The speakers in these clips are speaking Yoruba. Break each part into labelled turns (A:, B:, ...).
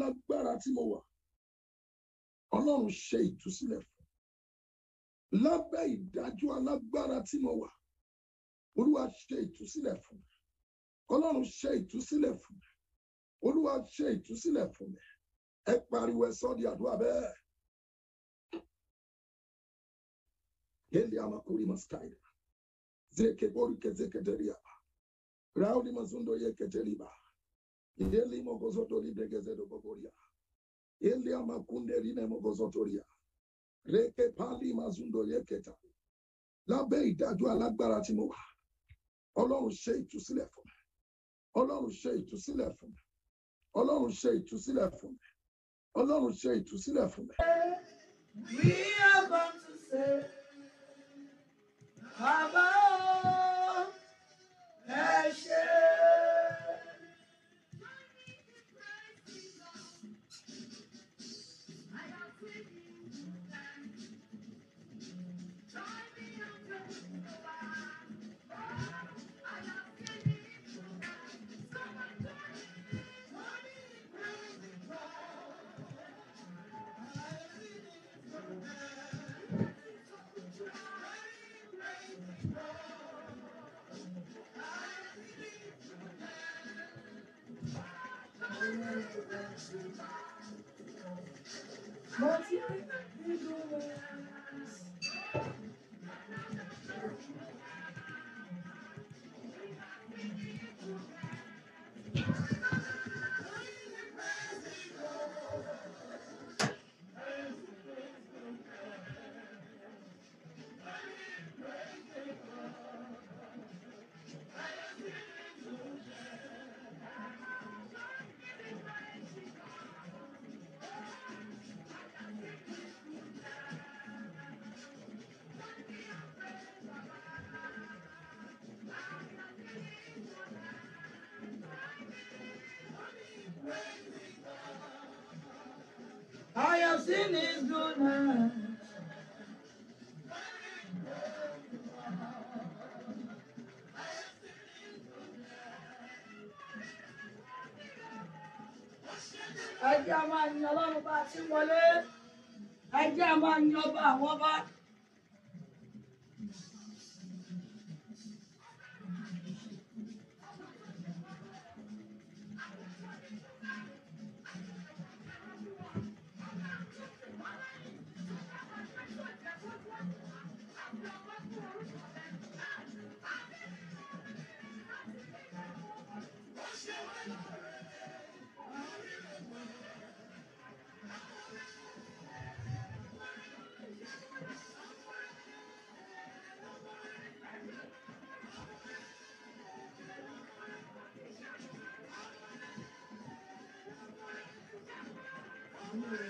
A: lágbára tí mo wà
B: ṣe ìtúsílẹ̀ fún lábẹ́ ìdájọ́ alágbára tí mo wà olúwa ṣe ìtúsílẹ̀ fún mi ṣe ìtúsílẹ̀ fún mi olúwa ṣe fún mi ẹ pariwo sọ di àdúrà bẹ́ẹ̀.
A: Heli
C: Eli mogozotori begezedo bogoria. Eli amakunde rine
B: mogozotoria. Reke pali mazundo yeketa. Lábẹ́ ìdájọ́ alágbára tí mo wà. Ọlọ́run ṣe ìtúsílẹ̀ fún mi. Ọlọ́run ṣe ìtúsílẹ̀ fún mi. Ọlọ́run ṣe ìtúsílẹ̀ fún mi. We are about to say,
A: Baba. Monty,
B: I have seen his goodness. Ẹ jẹ́ a máa yan ọlọ́run bá ti wọlé. Ẹ jẹ́ a máa yan ọba àwọn ọba. Mm-hmm.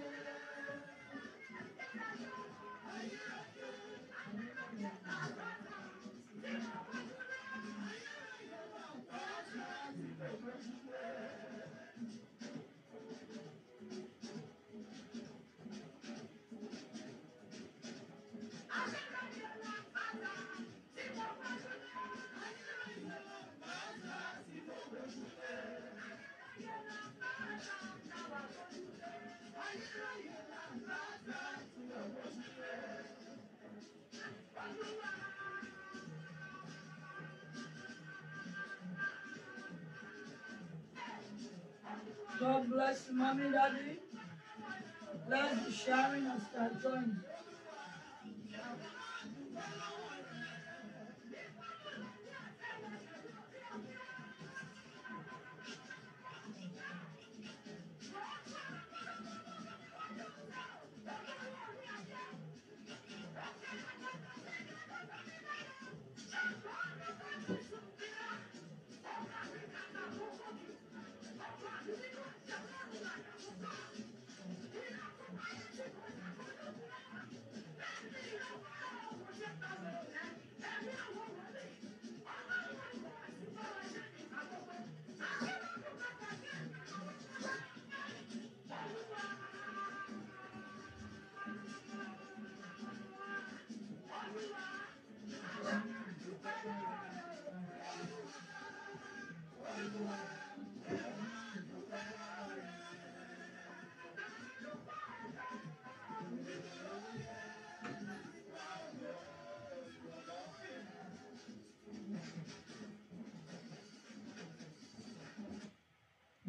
B: God bless Mommy Daddy. Bless the sharing as they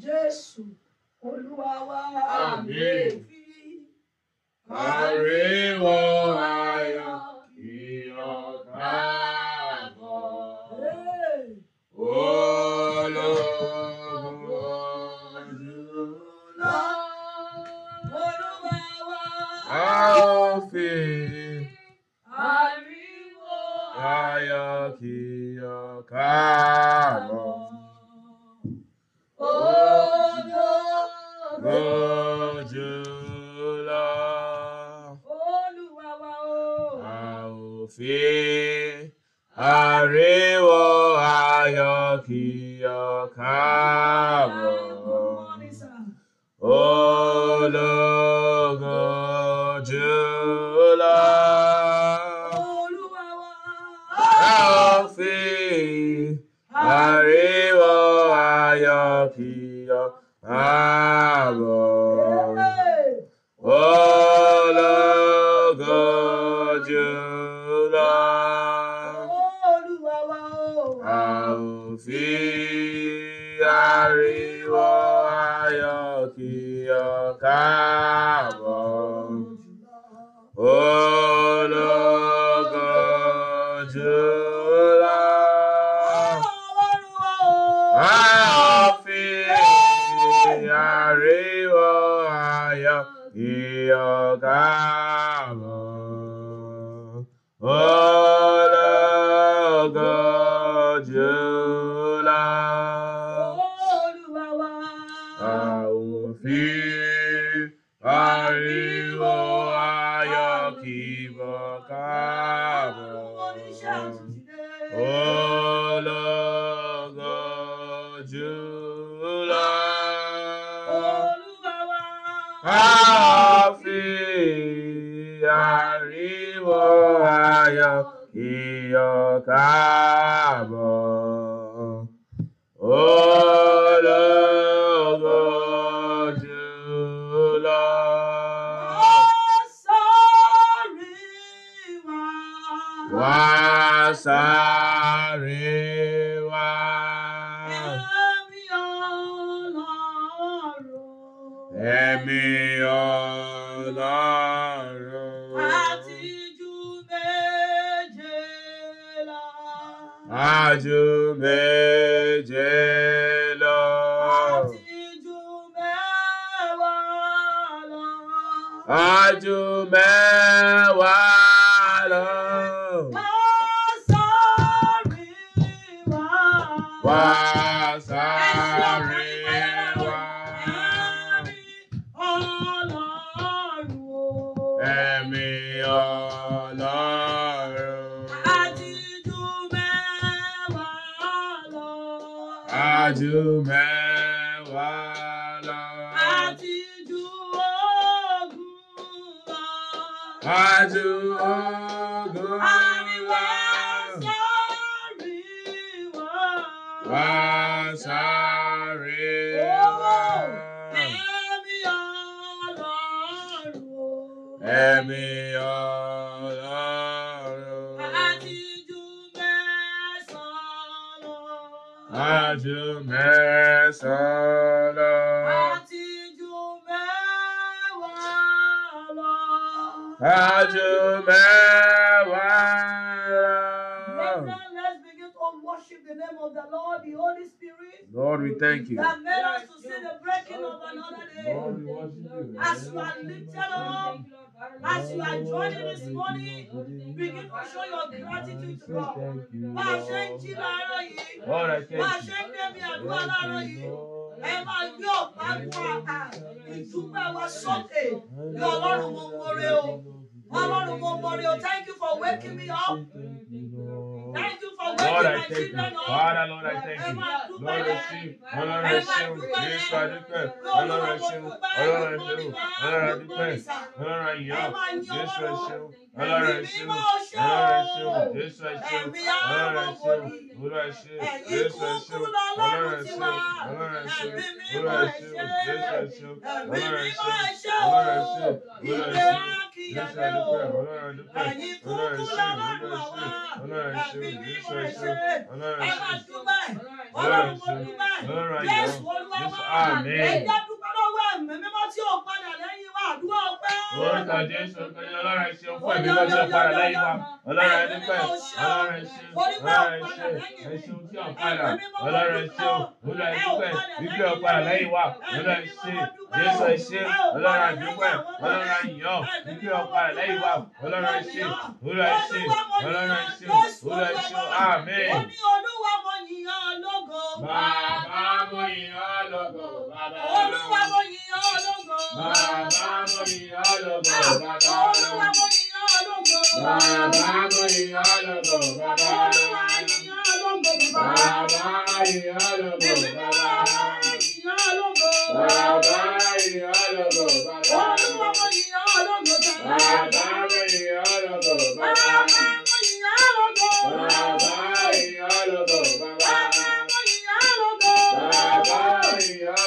B: Jésù Olúwa wa.
C: Amen. Oh, Lord. àárọ̀. àtijú
B: méjèlá.
C: àjò méjèlá. àtijú mẹ́wàá lọ. àjò mẹ́wàá lọ. Wow. Thank you. That
B: made us to see the breaking of another day. As you are lifted up, as you are joining this morning,
C: begin to show your
B: gratitude to God. Bá a ṣe ń Thank you for waking me up. Thank you for Lord, I thank you. Father, Lord, I thank you. Lord, I
C: see. grace, adoration, adoration, adoration, adoration, adoration, adoration, adoration, adoration, adoration, adoration, adoration, adoration, adoration,
A: adoration, adoration, adoration, adoration, adoration, ibi yìí mo lè ṣe ẹ máa dúpẹ́
B: ọlọ́run mo dúpẹ́ jésù olúwa wá ẹ̀jẹ̀ dúpẹ́ lọ́wọ́ ẹ̀mí mímọ́ tí ò padà lẹ́yìn àdúrà ọpẹ́. orúkọ jésù kò ní ọlọ́run ẹ̀ṣẹ̀ fún ẹ̀mí lọ́jọ́ padà lẹ́yìn wa
C: ọlọ́run ẹni pẹ́ ọlọ́run ẹ̀ṣẹ̀ ọlọ́run ẹ̀ṣẹ̀ ẹ̀ṣẹ̀ tí ò padà ọlọ́run ẹ̀ṣẹ̀ olú ẹni pẹ́ bíbí ò padà lẹ́yìn wa ọlọ́run ẹ̀ṣẹ̀ jésù ẹ̀ṣẹ̀ ọlọ́run àdúpẹ́ ọlọ́run àyàn bíbí ò padà lẹ́yìn wa ọlọ́run ẹ̀ṣẹ̀ olú ẹ̀ṣẹ̀ ọlọ́run ẹ̀ṣẹ̀ olú ẹ̀ṣẹ̀ àmín yìn ọ́ lógo. Bàbá mo yìn ọ́ lógo. Olúwa mo yìn ọ́ lógo. Bàbá mo yìn ọ́ lógo. Olúwa mo yìn ọ́ lógo. Bàbá mo yìn ọ́ lógo. Olúwa yìn ọ́ lógo. Bàbá yìn ọ́ lógo. Bàbá yìn ọ́ lógo. Bàbá mo yìn ọ́ lógo.
B: Bàbá mo yìn ọ́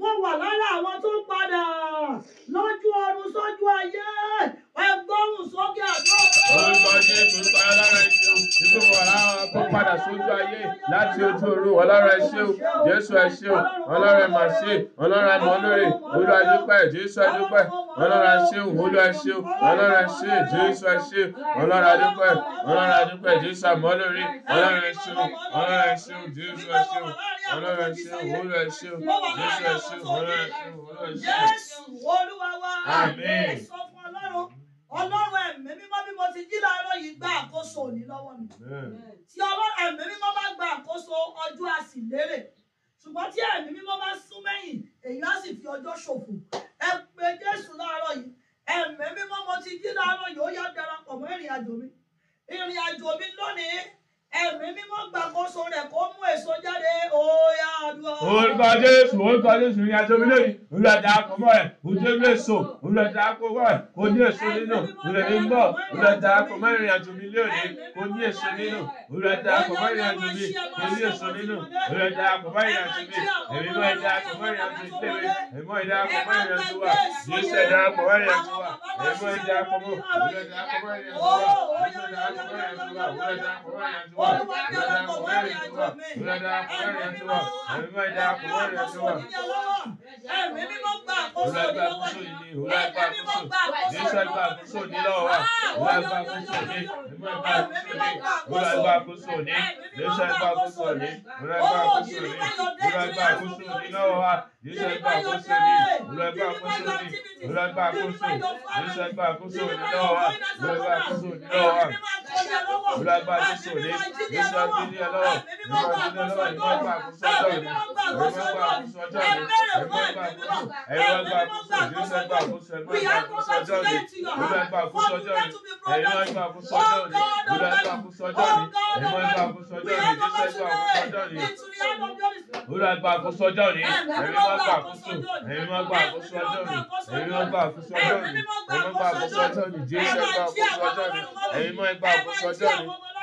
B: mo wà lára àwọn tó ń padà lójú ọ̀run sójú ayé ẹgbọ́rùn sókè àgbọ̀. orúkọ jésù ń padà lára iṣẹ́ o
C: nígbà mo wà lára àwọn tó ń padà sójú ayé láti ojú ọ̀run ọlọ́run ẹ ṣé jésù ẹ ṣé ọlọ́run ẹ mà ṣe ọlọ́run ẹ mọ̀ lórí olúwa dúpẹ́ jésù ẹ ọlọ́run àṣẹ òwúlò àṣẹ ọlọ́run àṣẹ jésù àṣẹ ọlọ́run àdúpẹ́ ọlọ́run àdúpẹ́ jésù àmọ́lórí ọlọ́run àṣẹ ọlọ́run àṣẹ jésù àṣẹ ọlọ́run àṣẹ òwúlò àṣẹ jésù àṣẹ ọlọ́run àṣẹ òwúlò àṣẹ. jésù
B: olúwa wa àmín sọ fún ọlọ́run ọlọ́run ẹ̀mí mímọ́ bí mo ti jí láàárọ̀ yìí gba àkóso òní lọ́wọ́ mi tí ọlọ́run ẹ̀mí mímọ́ bá gba àkóso ọjọ́ àsìlérè ṣùgbọ́n tí ẹ̀mí mímọ́ bá sún mẹ́yìn èyí á sì fi ọjọ́ ṣòfò ẹ pe jésù láàárọ̀ yìí ẹ̀mí mímọ́ mo ti jí láàárọ̀ yìí ó yá darapọ̀ mọ́ ìrìn àjò mi ìrìn àjò mi lónìí ẹ̀mí mímọ́ gbàkóso rẹ̀ kó mú èso jáde òòyà
C: àdúrà. orúkọ jésù orúkọ jésù ní aṣọ mi lóyún olùdàdà àkọ́kọ́ rẹ̀ ojú ẹgbẹ́ èso olùdàdà àkọ́kọ́ rẹ̀ kò ní èso nínú olùdàdà ń bọ̀ olùdàdà àkọ́kọ́ ìrìn àjò mi lónìí kò ní èso nínú olùdàdà àkọ́kọ́ ìrìn àjò mi kò ní èso nínú olùdàdà àkọ́kọ́ ìrìn àjò ìrìn àjò mi èmi mọ ìdá àkọ́kọ́ ìrìn ìrìn àjò wa èmi mọ Olúwa ní ọlọ́kọ̀ wọ́n rìn àjò mi. Ẹ̀mí mímọ́ ẹ̀mí àkóso òdìdí
B: ọlọ́wọ́. Ẹ̀mí mímọ́ gba àkóso òdìdí ọwọ́ ni.
C: Ẹ̀mí mímọ́ gba àkóso òdìdí ọwọ́ ni. Ẹ̀mí mímọ́ gba àkóso òdìdí ọwọ́ ni. Ẹ̀mí mímọ́ gba àkóso òdìdí ọwọ́ ni. Ẹ̀mí mímọ́ gba àkóso òdìdí ọwọ́ ni yíṣẹ́ gbà àkóso ni ìrẹ́ gbà àkóso ni ìrẹ́ gbà àkóso yíṣẹ́ gbà àkóso ni lọ́wọ́ wa ìrẹ́ gbà àkóso ni lọ́wọ́ wa olùwàgbà jésù òde jésù àgbélé ọlọ́wọ́ jésù àgbélé ọlọ́wọ́ ẹ̀mí ọgbà àkóso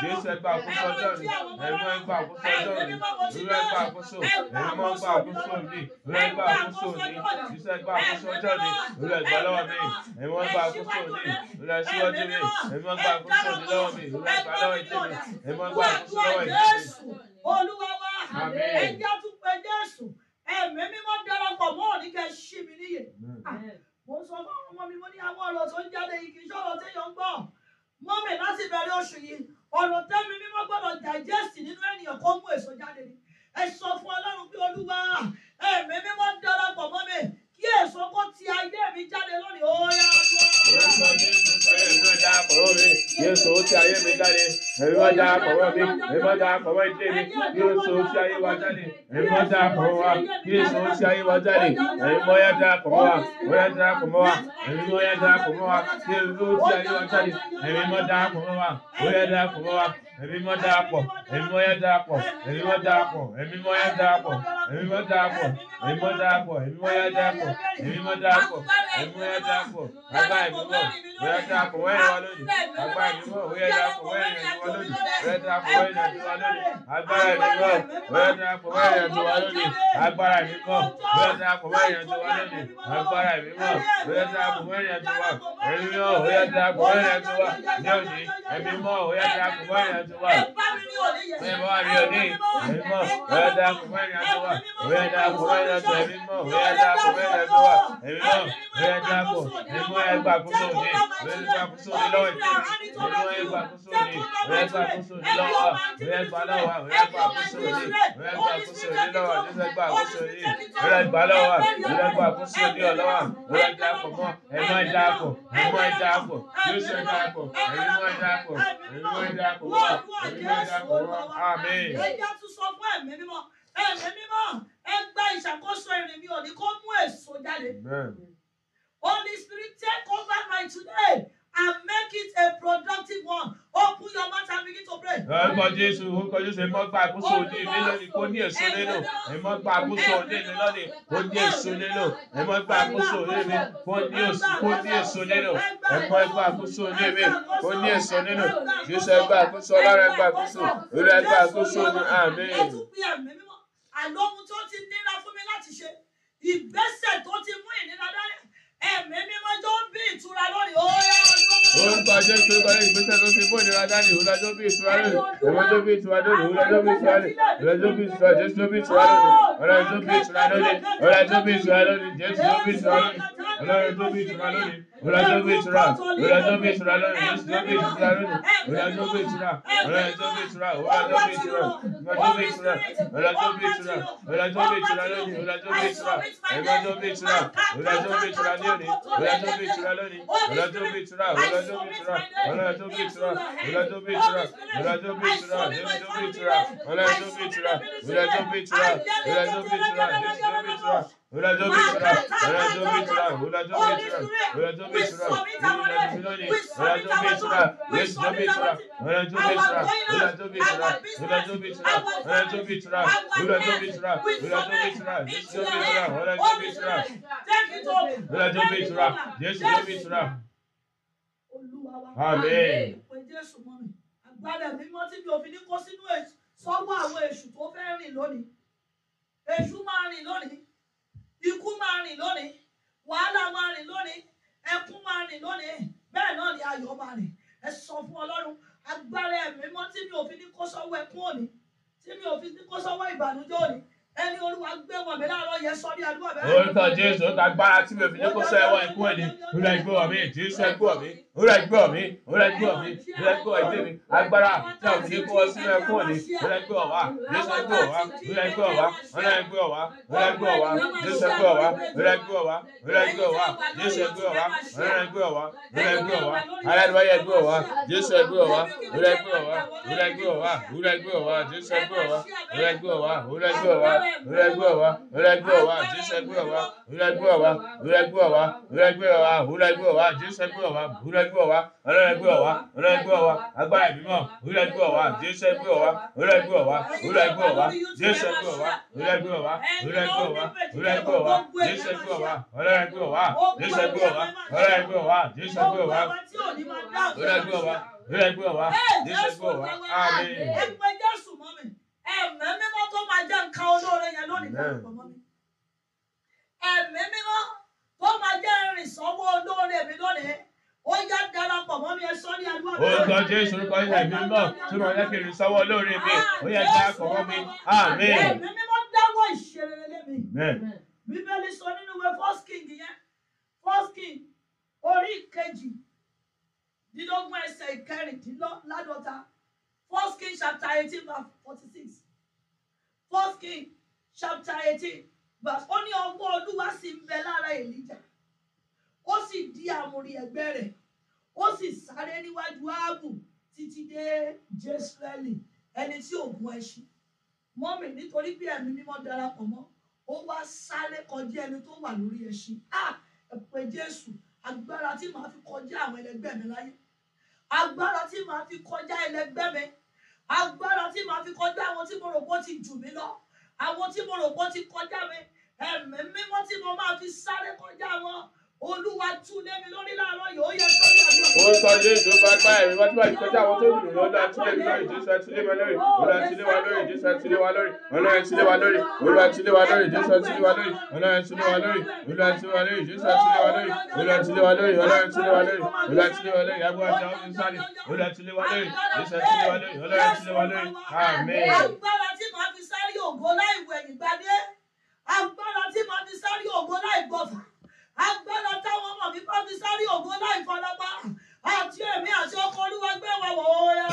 C: Jésù ẹgbà àkóso ọjọ́ mi, ẹ̀mọ́ ẹgbà àkóso ọjọ́ mi, ìrọ̀ ẹgbà àkóso, ẹ̀mọ́ ẹgbà àkóso mi, ìrọ̀ ẹgbà àkóso mi, Jésù ẹgbà àkóso ọjọ́ mi, ìrọ̀ ẹgbà lọ́wọ́ mi, ẹ̀mọ́ ẹgbà àkóso mi, ìrọ̀ ẹ̀síwájú mi, ẹ̀mọ́ ẹgbà àkóso mi lọ́wọ́ mi, ìrọ̀ lọ́wọ́ mi, ẹ̀mọ́ ẹgbà àkóso lọ́wọ́ ìdí
B: Olúwa wa, ẹjẹ́ ah, Mo sọ fún ọmọ mi, mo ní àwọn ọ̀rọ̀ tó ń jáde yìí kì í ṣọ̀rọ̀ ń gbọ́ mọ́mì láti bẹ̀rẹ̀ oṣù yìí ọ̀rọ̀ tẹ́mi mímọ́ gbọ́dọ̀ digest nínú ènìyàn kó mú èso jáde ni ẹ sọ fún ọlọ́run pé olúwa ẹ̀mí mímọ́ darapọ̀ mọ́mì kí èso kó ti ayé mi jáde lónìí ó yá lọ. orúkọ jésù
C: pẹ̀lú ìmọ̀já àkọ́wọ́ mi yéésù ó ti ayé mi jáde ìmọ̀já àkọ́wọ́ mi ìmọ̀já àkọ́wọ́ ìdílé mi yéésù ó ti ayé wa jáde ìmọ̀já àkọ́wọ́ wa yéésù ó ti ayé wa jáde ìmọ̀yájà àkọ́wọ́ wa ìmọ̀yájà àkọ́wọ́ wa ìmọ̀yájà àkọ́wọ́ wa yéésù ó ti ayé wa jáde ìmọ̀já àkọ́wọ́ wa ìmọ̀yájà àkọ́wọ́ wa ẹ̀mí mọ́ dàpọ̀ ẹ̀mí mọ́ yẹn dàpọ̀ ẹ̀mí mọ́ dàpọ̀ ẹ̀mí mọ́ yẹn dàpọ̀ ẹ̀mí mọ́ dàpọ̀ ẹ̀mí mọ́ dàpọ̀ ẹ̀mí mọ́ yẹn dàpọ̀ ẹ̀mí mọ́ dàpọ̀ ẹ̀mí mọ́ yẹn dàpọ̀ agbá ìmúbọ̀ wẹ́ẹ́ dàpọ̀ wẹ́ẹ́ wà lónìí agbá ìmúbọ̀ wẹ́ẹ́ dàpọ̀ wẹ́ẹ́ yẹn wà lónìí wẹ́ẹ́ dàpọ̀ wẹ́ẹ́ yẹn wà lónìí agbá ìmúbọ̀ wẹ́ẹ́ dàpọ̀ wẹ́ẹ́ yẹn wà lónìí agbára ìmúbọ̀ wẹ́ẹ́ dàpọ̀ wẹ́ẹ́ yẹn wà lónìí agbára ìmúbọ̀ wẹ́ẹ́ dàpọ̀ wẹ́ẹ́ yẹn wà ẹ̀mí mọ́ wẹ́ẹ́ dàpọ̀ wẹ́ẹ́ yẹn wà lónìí ẹ̀mí mọ́ wẹ́ẹ́ dàpọ̀ wẹ́ẹ́ yẹn July. ẹ bá rí òní mímọ́ ẹ dá kúmẹ́ ní ọjọ́ wa ẹ dá kúmẹ́ ní ọjọ́ ẹ mímọ́ ẹ dá kúmẹ́ ní ọjọ́ wa ẹ mímọ́ ẹ dá kọ̀ mímọ́ ẹ gbà kó sóò ní ẹ gbà kó sóò ní lọ́wọ́ mímọ́ ẹ gbà kó sóò ní ẹ gbà kó sóò ní lọ́wọ́ ẹ gbà lọ́wọ́ ẹ gbà kó sóò ní ẹ gbà kó sóò ní lọ́wọ́ ẹ gbà kó sóò ní ẹ gbà lọ́wọ́ ẹ gbà kó sóò ní ọlọ́wọ́ ẹ dá kọ̀ mọ́ ẹ mọ́ ẹ dá kọ̀ ẹ mọ́ ẹ dá kọ̀ yóò ṣe dá kọ̀ ẹ mọ́ ẹ dá kọ̀ ẹ mọ́ ẹ dá kọ̀ ẹ mọ́ ẹ dá kọ̀ ògo olúwa wa ẹjẹ
B: tún sọ fún ẹ̀mí mímọ́ ẹ̀mí mímọ́ ẹ gba ìṣàkóso ìrìn mi ò ní kó mú èso jáde Holy Spirit take over my today and make it a productive one. Open your mouth and begin
C: to pray. Orúkọ Jésù, orúkọ Jésù, ẹ mọ́ gba àkóso òde mi lónìí, kó ní èso lélo. Ẹ mọ́ gba àkóso òde mi lónìí, kó ní èso lélo. Ẹ mọ́ gba àkóso òde mi, kó ní èso lélo. Ẹ mọ́ gba àkóso òde mi, kó ní èso lélo. Jésù ẹ gba àkóso, ọlọ́run ẹ gba àkóso, olúwa ẹ gba àkóso ní àmín. Ẹ tún
B: pe àmì mímọ́, àlọ́ ẹ̀mí mímọ́ tó ń bí ìtura lórí oore
C: ó ń pa ọjọ́ ìṣòro kan lẹ́yìn ìgbésẹ̀ tó ṣe fún ìnira dání òwúrọ̀ ọjọ́ bí ìtura lónìí òwúrọ̀ ọjọ́ bí ìtura lónìí òwúrọ̀ ọjọ́ bí ìtura lónìí òwúrọ̀ ọjọ́ bí ìtura jésù ló bí ìtura lónìí òwúrọ̀ ọjọ́ bí ìtura lónìí òwúrọ̀ ọjọ́ bí ìtura lónìí jésù ló bí ìtura lónìí òwúrọ̀ ọjọ́ bí ìtura lónìí. Ọlọ́jọ́ bí ìtura, ọlọ́jọ́ bí ìtura lónìí, ọlọ́jọ́ bí ìtura lónìí, ọlọ́jọ́ bí ìtura, ọlọ́jọ́ bí ìtura, ọlọ́jọ́ bí ìtura, ọlọ́jọ́ bí ìtura, ọlọ́jọ́ bí ìtura, ọlọ́jọ́ bí ìtura lónìí, ọlọ́jọ́ bí ìtura, ọlọ́jọ́ bí ìtura, ọlọ́jọ́ bí ìtura lónìí, ọlọ́jọ́ bí ìtura lónìí, ọlọ́jọ́ bí ìtura, ọlọ́jọ́ bí ìtura, ọlọ́jọ́ bí ìtura, ọlọ́jọ́ bí ìtura, ọlọ́jọ́ bí ìtura, ọlọ́jọ́ bí ìtura, ọlọ́jọ́ bí ìtura, ọlọ́jọ́ bí ìtura, ọlọ́jọ́ bí ìtura, ọlọ́jọ́ bí ìtura,
B: Amen. Agbára mímọ́ tí mi ò fi ní kó sínú sọ́wọ́ àwọn èṣù tó fẹ́ rìn lónìí. Èṣù máa rìn lónìí ikú máa rìn lónìí wàhálà máa rìn lónìí ẹkún máa rìn lónìí bẹ́ẹ̀ náà ni ayọ̀ máa rìn ẹ sọ fún ọlọ́run agbára ẹ̀mí mọ́ tí mi ò fi ní kó sọ́wọ́ ẹkún òní tí mi ò fi ní kó sọ́wọ́ ìbànújẹ́ òní ẹni olúwa gbé wọn mi láàárọ̀ yẹn sọ ní àdúrà bẹ́ẹ̀. orúkọ jésù ó
C: ta gbára tí mi ò fi ní kó sọ ẹwọn ikú ẹni rúra ìgbé wọn mi jésù ẹgbẹ wọn mi rúra ìgbé wọn mi rúra ìgbé wọn mi rúra ìgbé wọn mi agbára tí a ò ní kó wọn sínú ẹkún ọ̀ni rúra ìgbé wọn wa jésù ẹgbẹ wọn wa rúra ìgbé wọn wa rúra ìgbé wọn wa rúra ìgbé wọn wa jésù ẹgbẹ wọn wa rúra ìgbé wọn wa rúra ìgbé wọn wa jésù ẹgbẹ wọn wa rúra ìgbé wa jésù ẹgbẹ wa rúra ìgbé wa rúra ìgbé wa rúra ìgbé wa jésù ẹgbẹ wa rúra ìgbé wa rúra ìgbé wa rẹgbẹ́ wa rẹgbẹ́ wa jésẹgbẹ́ wa amen
B: ẹ̀mí mímọ́ tó máa jẹ́ nǹkan olóore yẹn lónìí pẹ̀lú ọmọ mi ẹ̀mí mímọ́ tó máa jẹ́ rìn sọ́wọ́ olóore mi lónìí ó yá darapọ̀ mọ́ mi ẹ ní àdúrà bẹ́ẹ̀. orúkọ jésù orúkọ ẹ̀mí mímọ́ tó máa jẹ́
C: kí sọ́wọ́ olóore mi ó yá darapọ̀ mọ́ mi ẹ̀mí
B: mímọ́ dáwọ́ ìṣeré mi bíbélì sọ nínú ìwé first yẹn first orí kejì dídógún ẹsẹ̀ ìkẹrìndínlọ́láàdọ́ta. First King chapter 18 verse 46. First King chapter 18 verse ó ní ọwọ́ Olúwa sì ń bẹ lára Èlíjà. Ó sì di àmùrè ẹ̀gbẹ́ rẹ̀. Ó sì sáré níwájú Áàbù títí dé Jésùrẹ́lì ẹni tí òògùn ẹṣin. Mọ́mì nítorí bí ẹ̀mí mímọ́ darapọ̀ mọ́, ó wá sáré kọjá ẹni tó wà lórí ẹṣin. À ẹ̀pẹ̀ Jésù agbára tí màá fi kọjá àwọn ẹlẹgbẹ́ mi láyé agbára tí màá fi kọjá ẹlẹgbẹ́ mi agbára tí màá fi kọjá àwọn tí mo rò pé ó ti jù mí lọ àwọn tí mo rò pé ó ti kọjá mi ẹ̀mí mímọ́ tí mo máa fi sáré kọjá wọn olúwa tú lé mi lórí láàárọ̀
C: yìí ó yẹ sórí àdúrà. ó sọ jésù gbàgbà ẹ̀mí wọ́n ti bá ìkọjá àwọn tó dùn lọ́dọ̀ àtúlẹ̀ mi lórí jésù àtúlẹ̀ wa lórí olúwa àtúlẹ̀ wa lórí jésù àtúlẹ̀ wa lórí olúwa àtúlẹ̀ wa lórí olúwa àtúlẹ̀ wa lórí jésù àtúlẹ̀ wa lórí olúwa àtúlẹ̀ wa lórí olúwa àtúlẹ̀ wa lórí jésù àtúlẹ̀ wa lórí olúwa àtúlẹ̀ wa lórí olúwa àtúlẹ̀ wa lórí olúwa àtúlẹ̀ wa lórí agbó àti àwọn sísáré olúwa àtúlẹ̀ wa lórí jésù àtúlẹ̀ wa lórí olúwa àtúlẹ̀ wa lórí àmín.
B: agbára tí màá fi sáré ògo láì wẹ̀yìn gbadé agbára tí màá fi sáré ògo láì gbọ̀fà agbára táwọn ọmọ mi bá fi sáré ògùn láì fọlọ́pá àti èmi àti ọkọ olúwa gbé wa wọ̀ ọ́ ya.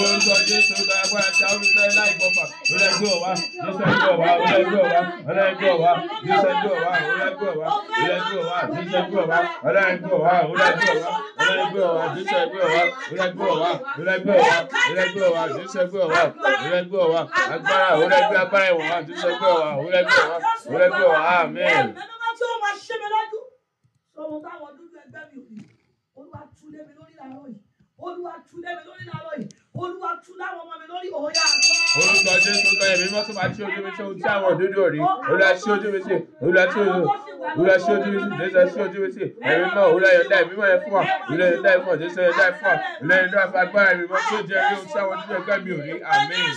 C: orúkọ jésù gba ẹgbẹ́ àti àwùjọ láì gbọ́pà ọlẹ́gbẹ́ ọ̀wá ọlẹ́gbẹ́ ọ̀wá ọlẹ́gbẹ́ ọ̀wá ọlẹ́gbẹ́ ọ̀wá ọlẹ́gbẹ́ ọ̀wá ọlẹ́gbẹ́ ọ̀wá ọlẹ́gbẹ́ ọ̀wá ọlẹ́gbẹ́ ọ̀wá ọlẹ́gbẹ́ ọ̀wá ọlẹ́gbẹ́
B: ọ̀wá ọlẹ́gbẹ́
C: ọ̀wá ọlẹ́gbẹ́ ọ̀wá ọlẹ́gbẹ́ ọ̀wá ọlẹ́gbẹ́ ọ̀wá ọlẹ́gbẹ́ ọ̀wá ọlẹ́gbẹ́ ọ̀wá agbára ọlẹ́gbẹ́ agbára ìwọ̀n ọlẹ́gbẹ́ ọ̀wá ọlẹ́gbẹ́ ọ̀wá ọlẹ́gbẹ́ ọ̀wá àmín. ẹ̀mí
B: ló bá tí ó máa ṣe mi lọ́dún sọ̀rọ̀ táwọn dúdú ẹgbẹ́ mi ò ní olúwa tú lé mi lórí làárọ̀ yìí olúwa tú lé mi lórí làárọ̀ yìí olúwa tú láwọn ọmọ mi lórí òun yà á kọ́.
C: orúkọ jésù kan ẹ̀mí mọ́tò máa ṣí ojú mi ṣe ohun tí àwọn òdodo rí olúwa ṣí ojú mi ṣe olúwa ṣí ojú olúwa ṣí ojú mi ṣe jésù ṣí ojú mi ṣe ẹ̀mí mọ́ olúwa yọ̀ǹda ẹ̀mí mọ́ yẹn fún wa olúwa yọ̀ǹda ẹ̀fọ́ jésù yọ̀ǹda ẹ̀fọ́ olúwa yọ̀ǹda ẹ̀fọ́ agbára ẹ̀mí mọ́ tó jẹ́ ohun tí àwọn òdodo ẹgbẹ́ mi ò rí àmín.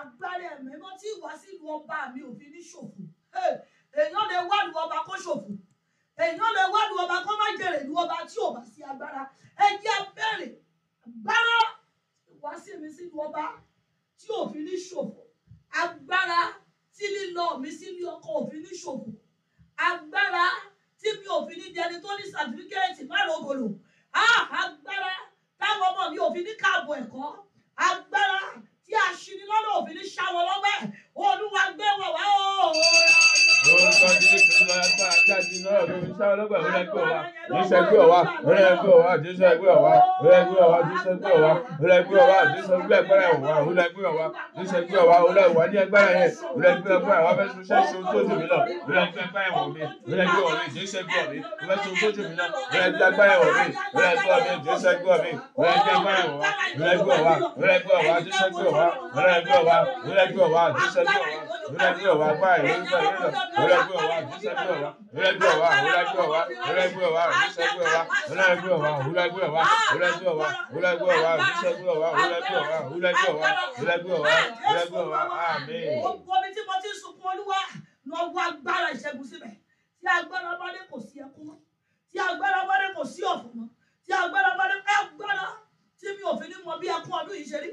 B: agbára ẹ̀mí tí ìwà sí ìlú ọba mi ò fi ní ṣòfò èèyàn lè wá ìlú ọba kó ṣòfò èèyàn lè wá lu ọba kó má jèrè lu ọba tí ò bá sí agbára ẹ jẹ́ abẹ́rẹ́ agbára wá sí mi sínú ọba tí òfin ní ṣòfò agbára tí lílọ mi sínú ọkọ òfin ní ṣòfò agbára tí mi òfin ní jẹni tó ní sàtífíkẹ́ẹ̀tì márùn-ún agbára táwọn ọmọ mi òfin ní káàbọ̀ ẹ̀kọ́ agbára tí aṣinilọ́nà òfin ní ṣàwọn lọ́wọ́ olúwa gbé wa wá o.
C: orúkọ jésù ló ń bá ajáde náà lórí sáré lọ́gbà ó lẹ́gbẹ́ ọ̀wá jésù ẹgbẹ́ ọ̀wá ó lẹ́gbẹ́ ọ̀wá jésù ẹgbẹ́ ọ̀wá ó lẹ́gbẹ́ ọ̀wá jésù ẹgbẹ́ ọ̀wá ó lẹ́gbẹ́ ọ̀wá jésù ẹgbẹ́ ẹgbẹ́rẹ́ ọ̀wá ó lẹ́gbẹ́ ọ̀wá jésù ẹgbẹ́ ọ̀wá ó lẹ́wà ní ẹgbẹ́rẹ́ yẹn ó lẹ́gbẹ́ ẹgbẹ́ ọ̀wá fẹ́ sun sẹ́sì tó tù mí lọ ó lẹ́gbẹ́ ẹgbẹ́ ẹ̀wọ̀n mi ó lẹ́gbẹ́ ọ̀wá jésù ẹgbẹ́ ọ̀mí ó fẹ́ sun tó tù mí lọ ó lẹ́gbẹ́ ẹgbẹ́ ẹ̀wọ̀n mi ó lẹ́gbẹ́ ọ̀mí jésù ẹgbẹ́ ọ̀mí ó lẹ́gbẹ́ ẹgbẹ́ ẹ̀wọ̀n ó lẹ́gbẹ́ ọ̀wá ó lẹ́gbẹ́ ọ̀wá jésù ẹgbẹ́ ọ̀wá ó lẹ́gbẹ́ ọ̀wá ó lẹ́gbẹ́ ọ̀wá jésù lórí ẹgbẹ́ wa bá ìwé ń bẹ̀rẹ̀ lórí ẹgbẹ́ wa ìgbésẹ̀ gbé wa lórí ẹgbẹ́ wa lórí ẹgbẹ́ wa lórí ẹgbẹ́ wa ìgbésẹ̀ gbé wa lórí ẹgbẹ́ wa lórí ẹgbẹ́ wa lórí ẹgbẹ́ wa lórí ẹgbẹ́ wa ìgbésẹ̀ gbé wa lórí ẹgbẹ́ wa lórí ẹgbẹ́ wa lórí ẹgbẹ́ wa lórí ẹgbẹ́ wa àmín.
B: gbogbo mi tí mo ti sunkún olúwa lọ́wọ́ agbára ìṣẹ́gun síbẹ̀ tí agbára ọmọdé kò sí ẹkún mọ́ tí agbára ọmọdé kò sí ọ̀fun mọ́ tí agbára ọmọdé agbára tí mi ò fi ní mọ bí ẹkún ọdún yìí ṣe rí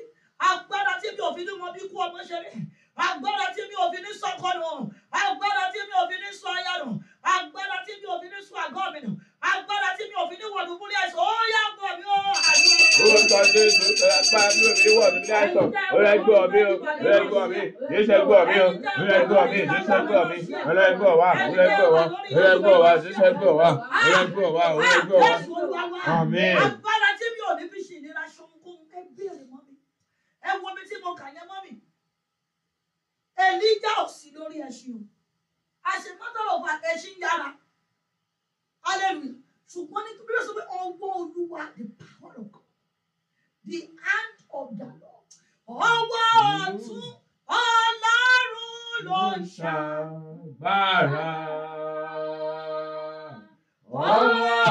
B: agbára tí mi ò fi ní mọ bí ikú ọmọ ṣe rí agbára tí mi ò fi ní sọ́kọ́ o agbára tí mi ò fi ní sọ aya nù agbára tí mi ò fi ní sọ àgọ́ mi nù agbára tí mi ò fi ní wọ̀dù múlẹ̀ àìsàn ó
C: yá gbọ́ mi ó àdúrà. orúkọ jésù ẹgbà mi ò fi wọ̀dù múlẹ̀ àìsàn ọ̀rẹ́ gbọ́ mi o ọ̀rẹ́ gbọ́ mi jésù gbọ́ mi o ọ̀rẹ́ gbọ́ mi jésù gbọ́ mi ọ̀rẹ́ gbọ́ wa ọ̀rẹ́ gbọ́ wa ọ̀rẹ́ gbọ́ wa jésù gbọ́ wa ọ̀rẹ́ gbọ́ wa ọ̀rẹ́ gbọ́ wa
B: àmín. agbára tí mi ò ní fi ṣì Èlíjà ò sí lórí ẹṣin o àṣemọ́tòrò bá ẹṣin yára hallelujah ṣùgbọ́n ní bíbélì sọ pé ọwọ́ olúwa the power of God the hand of the Lord ọwọ́ ọ̀tún ọlọ́run
A: ló ń
C: ṣàgbára ọwọ́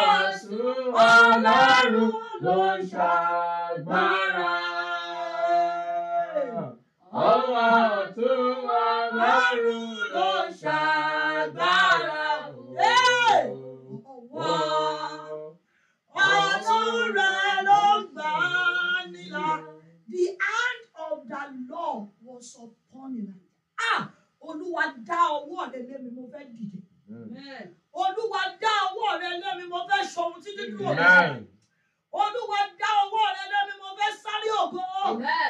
A: ọ̀tún ọlọ́run
C: ló ń ṣàgbára
A: ọwọ́ ọ̀tún ọlọ́run ló ṣàgbára
B: wọn.
A: ọ̀tún
B: ló gbà á nílá. The hand of the law was upon him. Ah! Olúwa dá ọwọ́ rẹ̀ lé mi, mo fẹ́ dìde. Olúwa dá ọwọ́ rẹ̀ lé mi, mo fẹ́ ṣohun títí dúró. Olúwa dá ọwọ́ rẹ̀ lé mi, mo fẹ́ sáré ògo. Amen.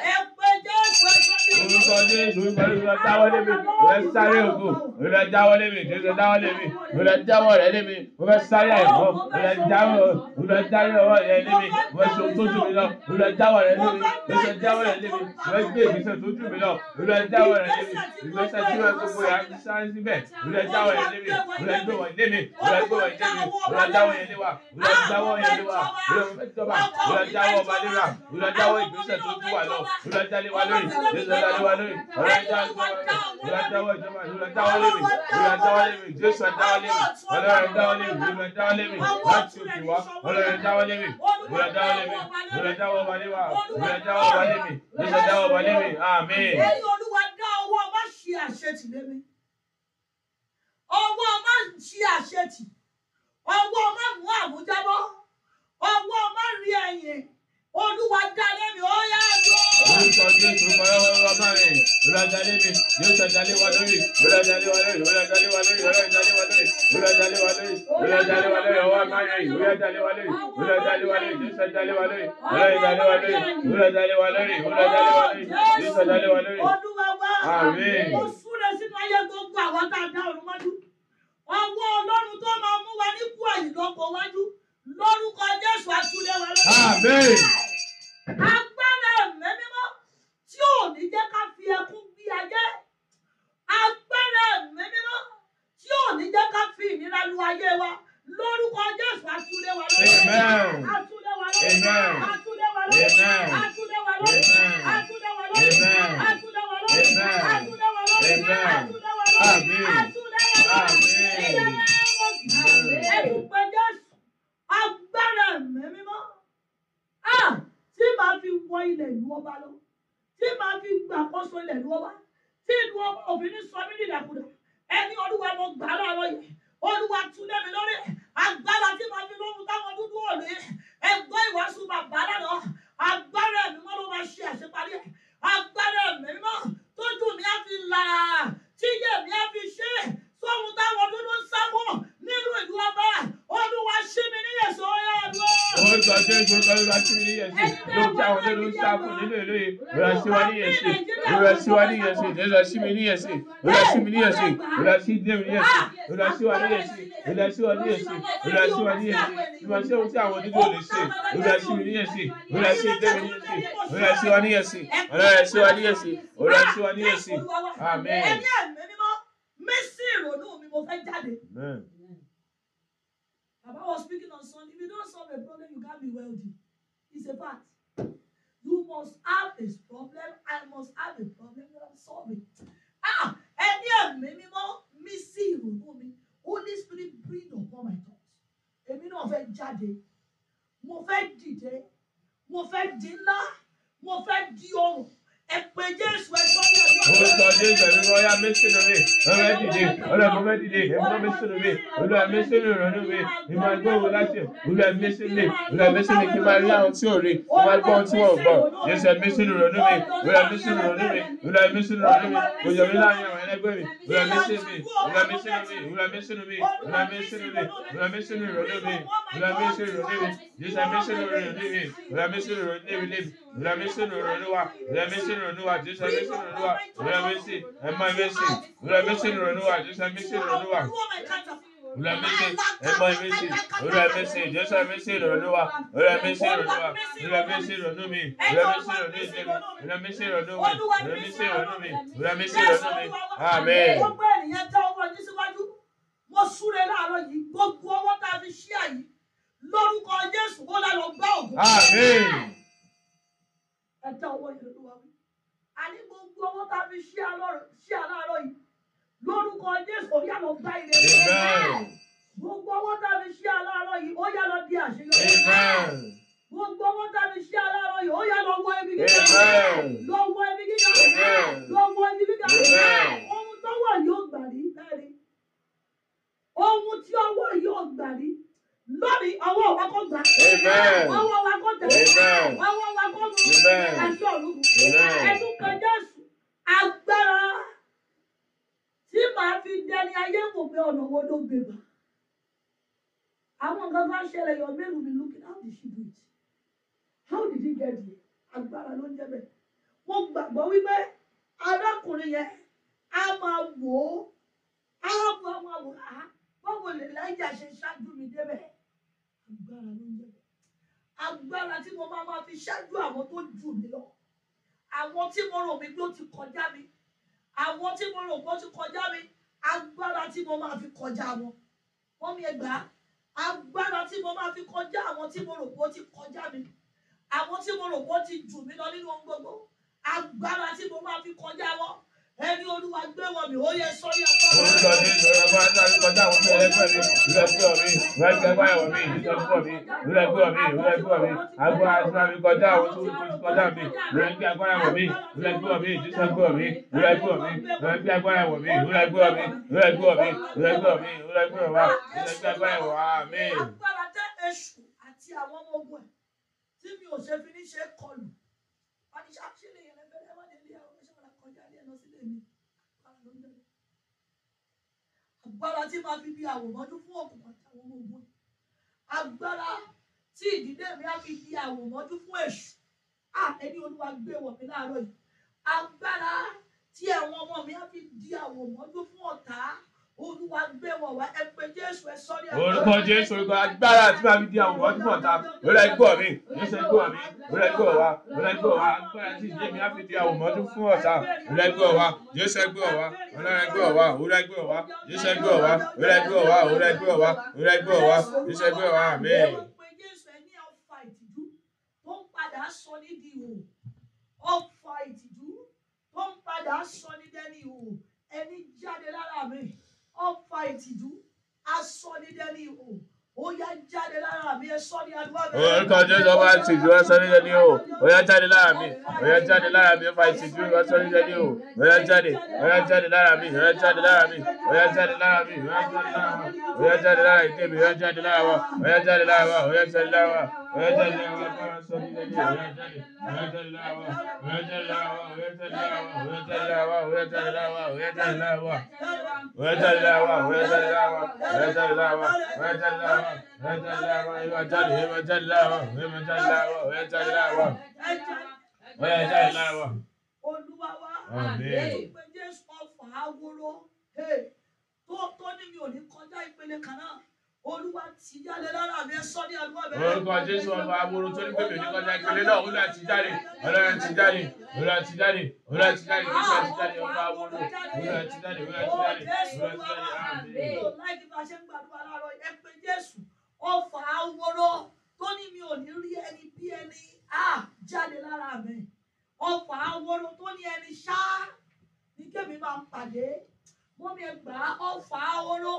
C: Jésù you. dáwọ́ lé mi, mo fẹ́ sáré ògo, mo fẹ́ dáwọ́ lé mi, Jésù dáwọ́ lé mi, mo fẹ́ dáwọ́ rẹ̀ lé mi, mo fẹ́ sáré ẹ̀kọ́, mo fẹ́ dáwọ́, mo fẹ́ dáwọ́ ọwọ́ rẹ̀ lé mi, mo fẹ́ so tójú mi lọ, mo fẹ́ dáwọ́ rẹ̀ lé mi, mo fẹ́ dáwọ́ rẹ̀ lé mi, mo fẹ́ gbé ìgbésẹ̀ tójú mi lọ, mo fẹ́ dáwọ́ rẹ̀ lé mi, ìgbésẹ̀ tí wọ́n gbogbo yà ń sáré síbẹ̀, mo fẹ́ dáwọ́ rẹ̀ lé mi, mo fẹ́ gbé wọn lé mi, mo fẹ́ gbé wọn lé mi, mo fẹ́ dáwọ́ yẹn lé wa, mo fẹ́ dáwọ́ yẹn lé wa, mo fẹ́ jọba, mo fẹ́ dáwọ́ ọba lé wa, mo fẹ́ dáwọ́ ìgbésẹ̀ tó dún wa lọ, mo fẹ́ dáwọ́ wa lórí, Jésù dáwọ́ wa lórí lé mi olúwa dáwọ́ ìjọba mi olúwa dáwọ́ lé mi olúwa dáwọ́ lé mi jésù dáwọ́ lé mi olúwa dáwọ́ lé mi olúwa dáwọ́ lé mi láti òkè wá olúwa dáwọ́ lé mi olúwa dáwọ́ lé mi olúwa dáwọ́ wá lé wa olúwa dáwọ́ wá lé mi jésù dáwọ́ wá lé
B: ọwọ́ má ṣe ṣe àṣetì ọwọ́ má mú àmújábọ́ ọwọ́ má rí ẹ̀yìn olúwa dalé mi ó yá jọ.
C: orúkọ jésù fọlọ́wọ́ bàbá rẹ̀ olúwa dalé mi jésù dalé wa lórí olúwa dalé wa lórí olúwa dalé wa lórí olúwa dalé wa lórí olúwa dalé wa lórí olúwa dalé wa lórí ọwọ́ àmà rẹ̀ olúwa dalé wa lórí olúwa dalé wa lórí jésù dalé wa lórí olúwa dalé wa lórí olúwa dalé wa lórí olúwa dalé wa lórí jésù dalé wa lórí. olúwa wa ó
B: súnlẹ̀ sínú ayé gbogbo àwọn tá a dá ọ̀run mọ́jú ọwọ́ ọlọ́run tó máa mú wa ní kú àyè lọ́pọ̀ wájú lórúkọ jésù àtúndé wa lọ́wọ́ agbára ẹ̀mí mímọ́ tí ò ní jẹ́ ká fi ẹkún bí ayé agbára ẹ̀mí mímọ́ tí ò ní jẹ́ ká fi ìnira lu ayé wa lórúkọ Jésù àtúndé wa lórúkọ àtúndé wa lórúkọ àtúndé wa lórúkọ àtúndé wa lórúkọ àtúndé
A: wa lórúkọ àtúndé wa lórúkọ àtúndé wa lórúkọ àtúndé
B: wa lórúkọ. gbà kóso ilẹ̀ ìlú ọba tí ìlú ọba òfin ní sọ mí ní ìdàkudà ẹni olúwa mo gbà láàárọ̀ yìí olúwa tún lé mi lórí agbára tí màá fi lóhun táwọn dúdú òní ẹgbọ́ ìwàásù bàbá lánàá agbára ẹ̀mí mọ́ ló máa ṣe àṣeparí ẹ̀ agbára ẹ̀mí mọ́ tójú mi á fi là tíyẹ̀ mi á fi ṣe sóhun táwọn dúdú ń sábọ̀ nínú ìlú ọba olúwa ṣí mi ní yẹ̀sọ́ ọ̀yá
C: àdúrà. ó sọ pé gbogbo olúwa ṣí mi ní yẹ̀sọ́ ló ń táwọn tó ló ń sá fún nínú ìlú yìí olúwa ṣí wa ní yẹ̀sọ́ olúwa ṣí wa ní yẹ̀sọ́ olúwa ṣí mi ní yẹ̀sọ́ olúwa ṣí mi ní yẹ̀sọ́ olúwa ṣí dé mi ní yẹ̀sọ́ olúwa ṣí wa ní yẹ̀sọ́ olúwa ṣí wa ní yẹ̀sọ́ olúwa ṣí wa ní yẹ̀sọ́ olúwa ṣí ohun tí àwọn onígbò lè ṣe olúwa ṣí mi ní yẹ̀sọ́ olúwa ṣí dé mi ní yẹ̀sọ́ olúwa ṣí wa ní yẹ̀sọ́ olúwa ṣí wa ní yẹ̀sọ́ olúwa ṣí wa ní yẹ̀sọ́ amen. ẹ̀mí
B: ẹ̀mí mímọ́ mí sí ìrònú mi mo fẹ́ jáde. Baba was speaking on Sunday. If you don't solve a problem, you can't be wealthy. It's a fact. You must have a problem. I must have a problem that I'm solving. Ah, ẹni ẹ̀mí mímọ́ mi you ìrònú mi. Holy Spirit breathe upon my thoughts. Èmi náà fed jáde. Mo fẹ́ dìde. Mo fẹ́ di ńlá. Mo fẹ́ ẹ̀pẹ̀ jésù ẹ̀fọ́ ní ọjọ́. orúkọ jésù ẹ̀mí kan
C: yá mí sínú mi ọ̀rẹ́ dìde ọ̀rẹ́ mo fẹ́ dìde ẹ̀mí kan mí sínú mi olúwa mí sínú ìrọ̀lú mi ni máa gbọ́ owó láti olúwa mí sínú mi olúwa mí sínú mi kí máa rí àwọn tí ò rí kí máa gbọ́ ohun tí wọ́n gbọ́ jésù ẹ̀mí sínú ìrọ̀lú mi olúwa mí sínú ìrọ̀lú mi olúwa mí sínú ìrọ̀lú mi òjò mi láàyè We We We We me. me. me. me. ẹgbẹ́ mi wúra mẹ́sì me. We mẹ́sì mi wúra mẹ́sì mi wúra mẹ́sì mi wúra mẹ́sì mi rọ̀lẹ́ mi wúra mẹ́sì mi rọ̀lẹ́ mi me. We mi rọ̀lẹ́ mi wúra mẹ́sì mi rọ̀lẹ́ mi lé mi wúra mẹ́sì mi rọ̀lẹ́ wa wúra mẹ́sì mi me. We jésù mẹ́sì mi rọ̀lẹ́ wa wúra mẹ́sì ẹ̀ma mẹ́sì wúra mẹ́sì mi rọ̀lẹ́ wa jésù mẹ́sì mi rọ̀lẹ́ me olúwa mẹ́sì ẹ̀gbọ́n mẹ́sì olúwa mẹ́sì jésù mẹ́sì ìrọ̀lú wa olúwa mẹ́sì ìrọ̀lú wa olúwa mẹ́sì ìrọ̀lú mi olúwa mẹ́sì ìrọ̀lú ìdẹ́mi olúwa mẹ́sì ìrọ̀lú mi olúwa mẹ́sì ìrọ̀lú mi olúwa mẹ́sì ìrọ̀lú mi amen.
B: mo súre láàárọ̀ yìí gbogbo ọwọ́ tá a fi ṣí àyè lórúkọ jésù kó lálọ gbá ògùn. ẹ tẹ ọwọ́ yìí lọ́wọ́ a ní gbogbo ọwọ́ tá a fi ṣí àlọ́ yìí lórúkọ jésù ó yá lọ gba ìrètí gbogbo ọwọ́ tá a fi ṣe aláàárọ̀ yìí ó yá lọ di àṣeyọrí gbogbo ọwọ́ tá a fi ṣe aláàárọ̀ yìí ó yá lọ wọ ibi gíga lọ wọ ibi gíga lọ wọ ibi gíga ohun tó wà yóò gbà rí láre ohun tí ọwọ́ yóò gbà rí lórí ọwọ́ wa kò gbà ọwọ́ wa kò tẹ̀ ọwọ́ wa kò mú ẹ̀ṣọ́ òru ẹ̀ṣún kan jésù agbára tí màá fi dẹni ayé wò pé ọ̀nà wo ló gbé bá àwọn nǹkan kan ṣẹlẹ̀ your mail will be looking how did she do it how did he get here agbára ló ń jẹ́ bẹ́ẹ̀ mo gbàgbọ́ wípé arákùnrin yẹn a máa wò ó á máa máa wò á ah, báwo lè láyà ṣe ṣáájú mi débẹ̀ agbára ló ń jẹ́ bẹ́ẹ̀ agbára tí mo máa máa fi ṣáájú àwọn tó jù mí lọ àwọn tí mo rò mí pé ó ti kọjá mi àwọn tí mo rò pé ó ti kọjá mi agbára tí mo máa fi kọjá wọn wọ́n mi ẹgbà agbára tí mo máa fi kọjá àwọn tí mo rò pé ó ti kọjá mi àwọn tí mo rò pé ó ti jù mí lọ nínú ohun gbogbo agbára tí mo máa fi kọjá wọn ẹni olúwa gbé wọn mi ó yẹ sọ́yà bá wọn. orúkọ mi ìṣòro bá ń sáré kọjá àwọn ọmọ ẹlẹgbẹ́ mi
C: ìrora gbé ọ mi ìrora gbé báyọ̀ mi ìrora gbé ọ mi ìrora gbé ọ mi ìrora gbé ọ mi agbára ìṣúra mi kọjá àwọn tó ń kọjá mi ìrora gbé agbára wọ̀ mi ìrora gbé ọ mi ìjísọ gbé ọ mi ìrora gbé ọ mi ìrora gbé agbára wọ̀ mi ìrora gbé ọ mi ìrora gbé ọ mi ìrora gbé ọ mi ìrora gbé ọ wa ìrora gbé agbára wọ̀ àmín. agbára tẹ
B: èṣù àti àwọn ọmọ ogun ẹ tí mi ò ṣe fi ní ṣe kọlù agbára tí máa fi di àwòmọ́dún fún òkùnkùn àtàwọn ọmọ ogun agbára tí ìdílé mi á fi di àwòmọ́dún fún èṣù à ẹni olúwa gbé wọ̀ mí láàárọ̀ yìí agbára tí àwọn ọmọ mi á fi di àwòmọ́dún fún ọ̀tá olúwa gbé wọn wá ẹ pé jésù ẹ sọ ní àwọn. orúkọ
C: jésù orúkọ agbára àti máa fi di àwọn ọdún mọ̀ta lórí ẹgbọ́ mi lórí ẹgbọ́ mi lórí ẹgbọ́ wa lórí ẹgbọ́ wa agbára àti ìdí mi á fi di àwọn ọmọdún fún ọ̀tá lórí ẹgbọ́ wa jésù ẹgbọ́ wa lórí ẹgbọ́ wa lórí ẹgbọ́ wa jésù ẹgbọ́ wa lórí ẹgbọ́ wa lórí ẹgbọ́ wa lórí ẹgbọ́ wa jésù ẹgbọ́ wa àmín.
B: ọ̀fà ìtìjú tó ọfà ìtìjú asọ́nidẹ́ni ihò Oya jáde lára mi, ẹ sọ ní àdúrà
C: bẹ̀rẹ̀. Orúkọ Jésù ọba ìtìjú ẹ sọ ní jẹ́ ní o. Oya jáde lára mi, oya jáde lára mi, ọba ìtìjú ẹ sọ ní jẹ́ ní o. Oya jáde, oya jáde lára mi, oya jáde lára mi, oya jáde lára mi, oya jáde lára mi, oya jáde lára ìdè mi, oya jáde lára wa, oya jáde lára wa, oya jáde lára wa.
B: Olúwa wa, àdéhùn pé Jésù ọ̀fọ̀ àwòrán, tó ní mi ò ní kọjá ìpele kan náà olúwa ti jáde lára mi ẹ sọ ní àdúrà bẹ́ẹ̀. orúkọ jésù ọba agbóró tó ní bèbè ní kọjá ìpele náà olúwa ti jáde olúwa ti jáde
C: olúwa ti jáde olúwa ti jáde olúwa ti jáde ọba agbóró olúwa ti jáde olúwa ti jáde olúwa ti jáde àmín. láì
B: kí n tó ní mi ò ní rí ẹni bí ẹni á jáde lára mi ọfà aworo tó ní ẹni ṣá ní kébì máa pàdé mọ́mi ẹgbàá ọfà aworo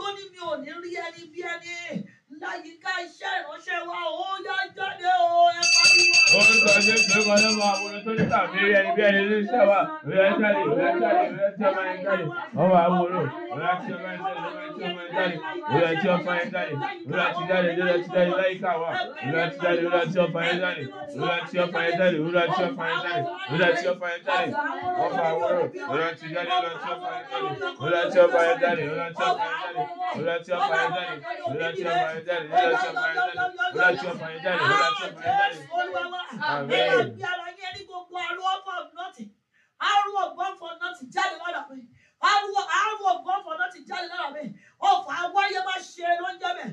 B: tó ní mi ò ní rí ẹni bí ẹni láyìíká iṣẹ́ ìránṣẹ́ wa ó yá jáde o ẹ
C: pariwo. ó ń sọ ṣé pé kọ́ ló máa wọlé tó ní tàbí ẹni bí ẹni ló ń ṣe wà ó yá jáde ó yá jáde ó yá jáde ó yá jáde ó máa wọlé. Relaxa, relaxa, relaxa, relaxa, relaxa, jáde lórí ọtí jáde láyíká wa lórí ọtí jáde lórí ọtí ọfà yẹn jáde lórí ọtí ọfà yẹn jáde lórí ọtí ọfà yẹn jáde lórí ọtí ọfà yẹn jáde ọfà àwòrán lórí ọtí jáde lórí ọtí ọfà yẹn jáde lórí ọtí ọfà yẹn jáde lórí ọtí ọfà yẹn jáde lórí ọtí ọfà yẹn jáde lórí ọtí ọfà yẹn jáde lórí ọtí ọfà yẹn jáde lórí ọtí
B: ọfà yẹn jáde. Amen. Arúgbó gbọ́n fọ náà ti jáde lọ́dọ̀ pé àwọn àwọn ògbọ́n fọ̀nà ti jáde lára mi ọ̀fọ̀ àwọn ayé máa ṣe ló ń jẹ́ bẹ́ẹ̀.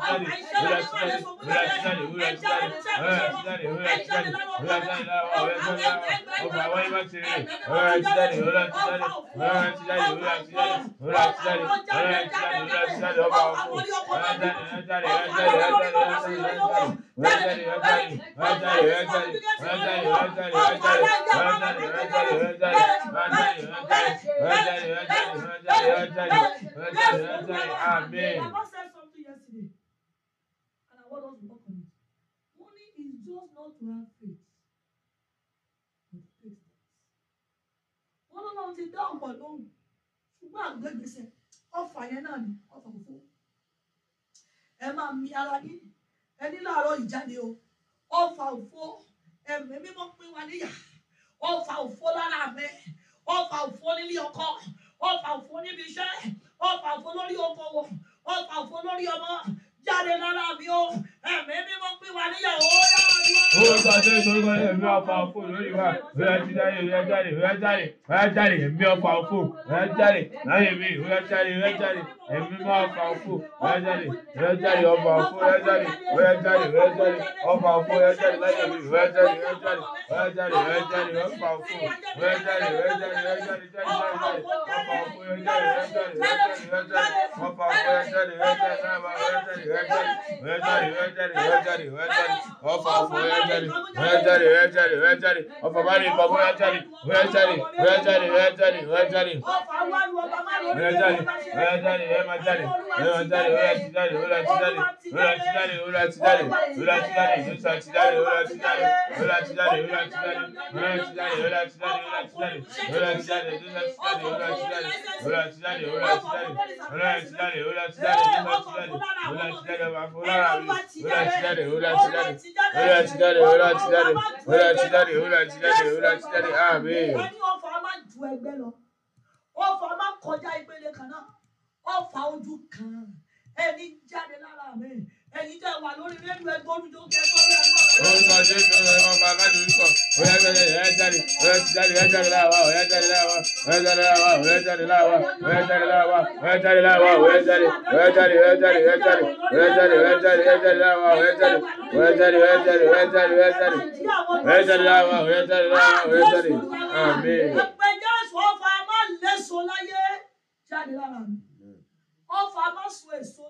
B: Amen. God wants to on it. Money is just not to have faith, but faith does. Wọ́n lọ́nà ti dá ọ̀pọ̀ lóhùn ṣùgbọ́n àgbégbèsè ọ̀fà yẹn náà ni ọ̀fà òfò. Ẹ máa mi ara yín ẹni láàárọ̀ ìjáde o ọ̀fà òfò ẹ̀mí mímọ́ pín wa níyà ọ̀fà òfò lára mi ọ̀fà òfò nílé ọkọ ọ̀fà òfò níbi iṣẹ́ ọ̀fà òfò lórí okòwò ọ̀fà òfò lórí ọmọ ya de nada el ẹ̀mí mímọ́ pín wa níyàwó dáhùn
C: dúró. ó sọ pé ìṣòro ẹ̀mí ọ̀pá òfò lórí wa òyà ti dáyé òyà jáde òyà jáde òyà jáde ẹ̀mí ọ̀pá òfò òyà jáde láyé mi òyà jáde òyà jáde ẹ̀mí mímọ́ ọ̀pá òfò òyà jáde òyà jáde ọ̀pá òfò òyà jáde òyà jáde òyà jáde ọ̀pá òfò òyà jáde láyé mi òyà jáde òyà jáde òyà jáde òyà jáde ọ̀pá òfò òyà jáde òyà jáde òyà jáde jáde jáde ọ̀pá òfò òyà jáde òyà jáde òyà jáde ọ̀pá òfò òyà jáde òyà jáde òyà jáde òyà jáde òyà jáde òyà jáde jáde ọyá jáde ọyá jáde ọfà ọfà ọyá jáde ọyá jáde ọyá jáde ọyá jáde ọfà márùn ìfà ọyá jáde ọyá jáde ọyá jáde ọyá jáde ọyá jáde ọyá jáde
B: ọyá jáde ọyá má jáde ọyá jáde ọyá ti jáde ọyá ti jáde ọyá ti jáde ọyá ti jáde ọyá ti jáde ìdúsà ti jáde ọyá ti jáde ọyá ti jáde ọyá ti jáde ọyá ti jáde ọyá ti jáde ọyá
C: ti jáde ọyá ti jáde ìdúsà ti jáde ọyá ti jáde ọyá ti jáde ọyá ti jáde ọyá ti jáde ọyá ti jáde ìdúsà ti jáde ọyá ti jáde ọyá ti jáde wà fún lára mi. Hola chidare, hola chidare, hola chidare, hola chidare, hola chidare, hola chidare, hola chidare, amen. Ah, Wọ́n
B: ní ọfà máa ju ẹgbẹ́ lọ, ọfà máa kọjá ìpele kan náà, ọfà ojú kan, ẹni jáde lára mi ẹ̀yin tẹ́ wà lórí rédíò ẹgbẹ́ olùjọ kẹ́
C: sọ́dọ̀ ẹ̀rọ. orúkọ jésù ẹ̀rọ ọmọ abájú orúkọ ọ̀yá jáde ọ̀yá jáde ọ̀yá jáde ọ̀yá jáde láwa ọ̀yá jáde láwa ọ̀yá jáde láwa ọ̀yá jáde láwa ọ̀yá jáde láwa ọ̀yá jáde láwa ọ̀yá jáde ọ̀yá jáde ọ̀yá jáde ọ̀yá jáde ọ̀yá jáde ọ̀yá jáde ọ̀yá jáde láwa ọ̀yá jáde ọ̀yá jáde ọ̀yá jáde ọ̀yá jáde ọ̀yá jáde ọ̀yá jáde láwa ọ̀yá jáde láwa ọ̀yá jáde àmín.
B: ẹgbẹ́ jésù ọ̀fà máa ń lé so láyé jáde lára mi ọ̀fà máa sọ èso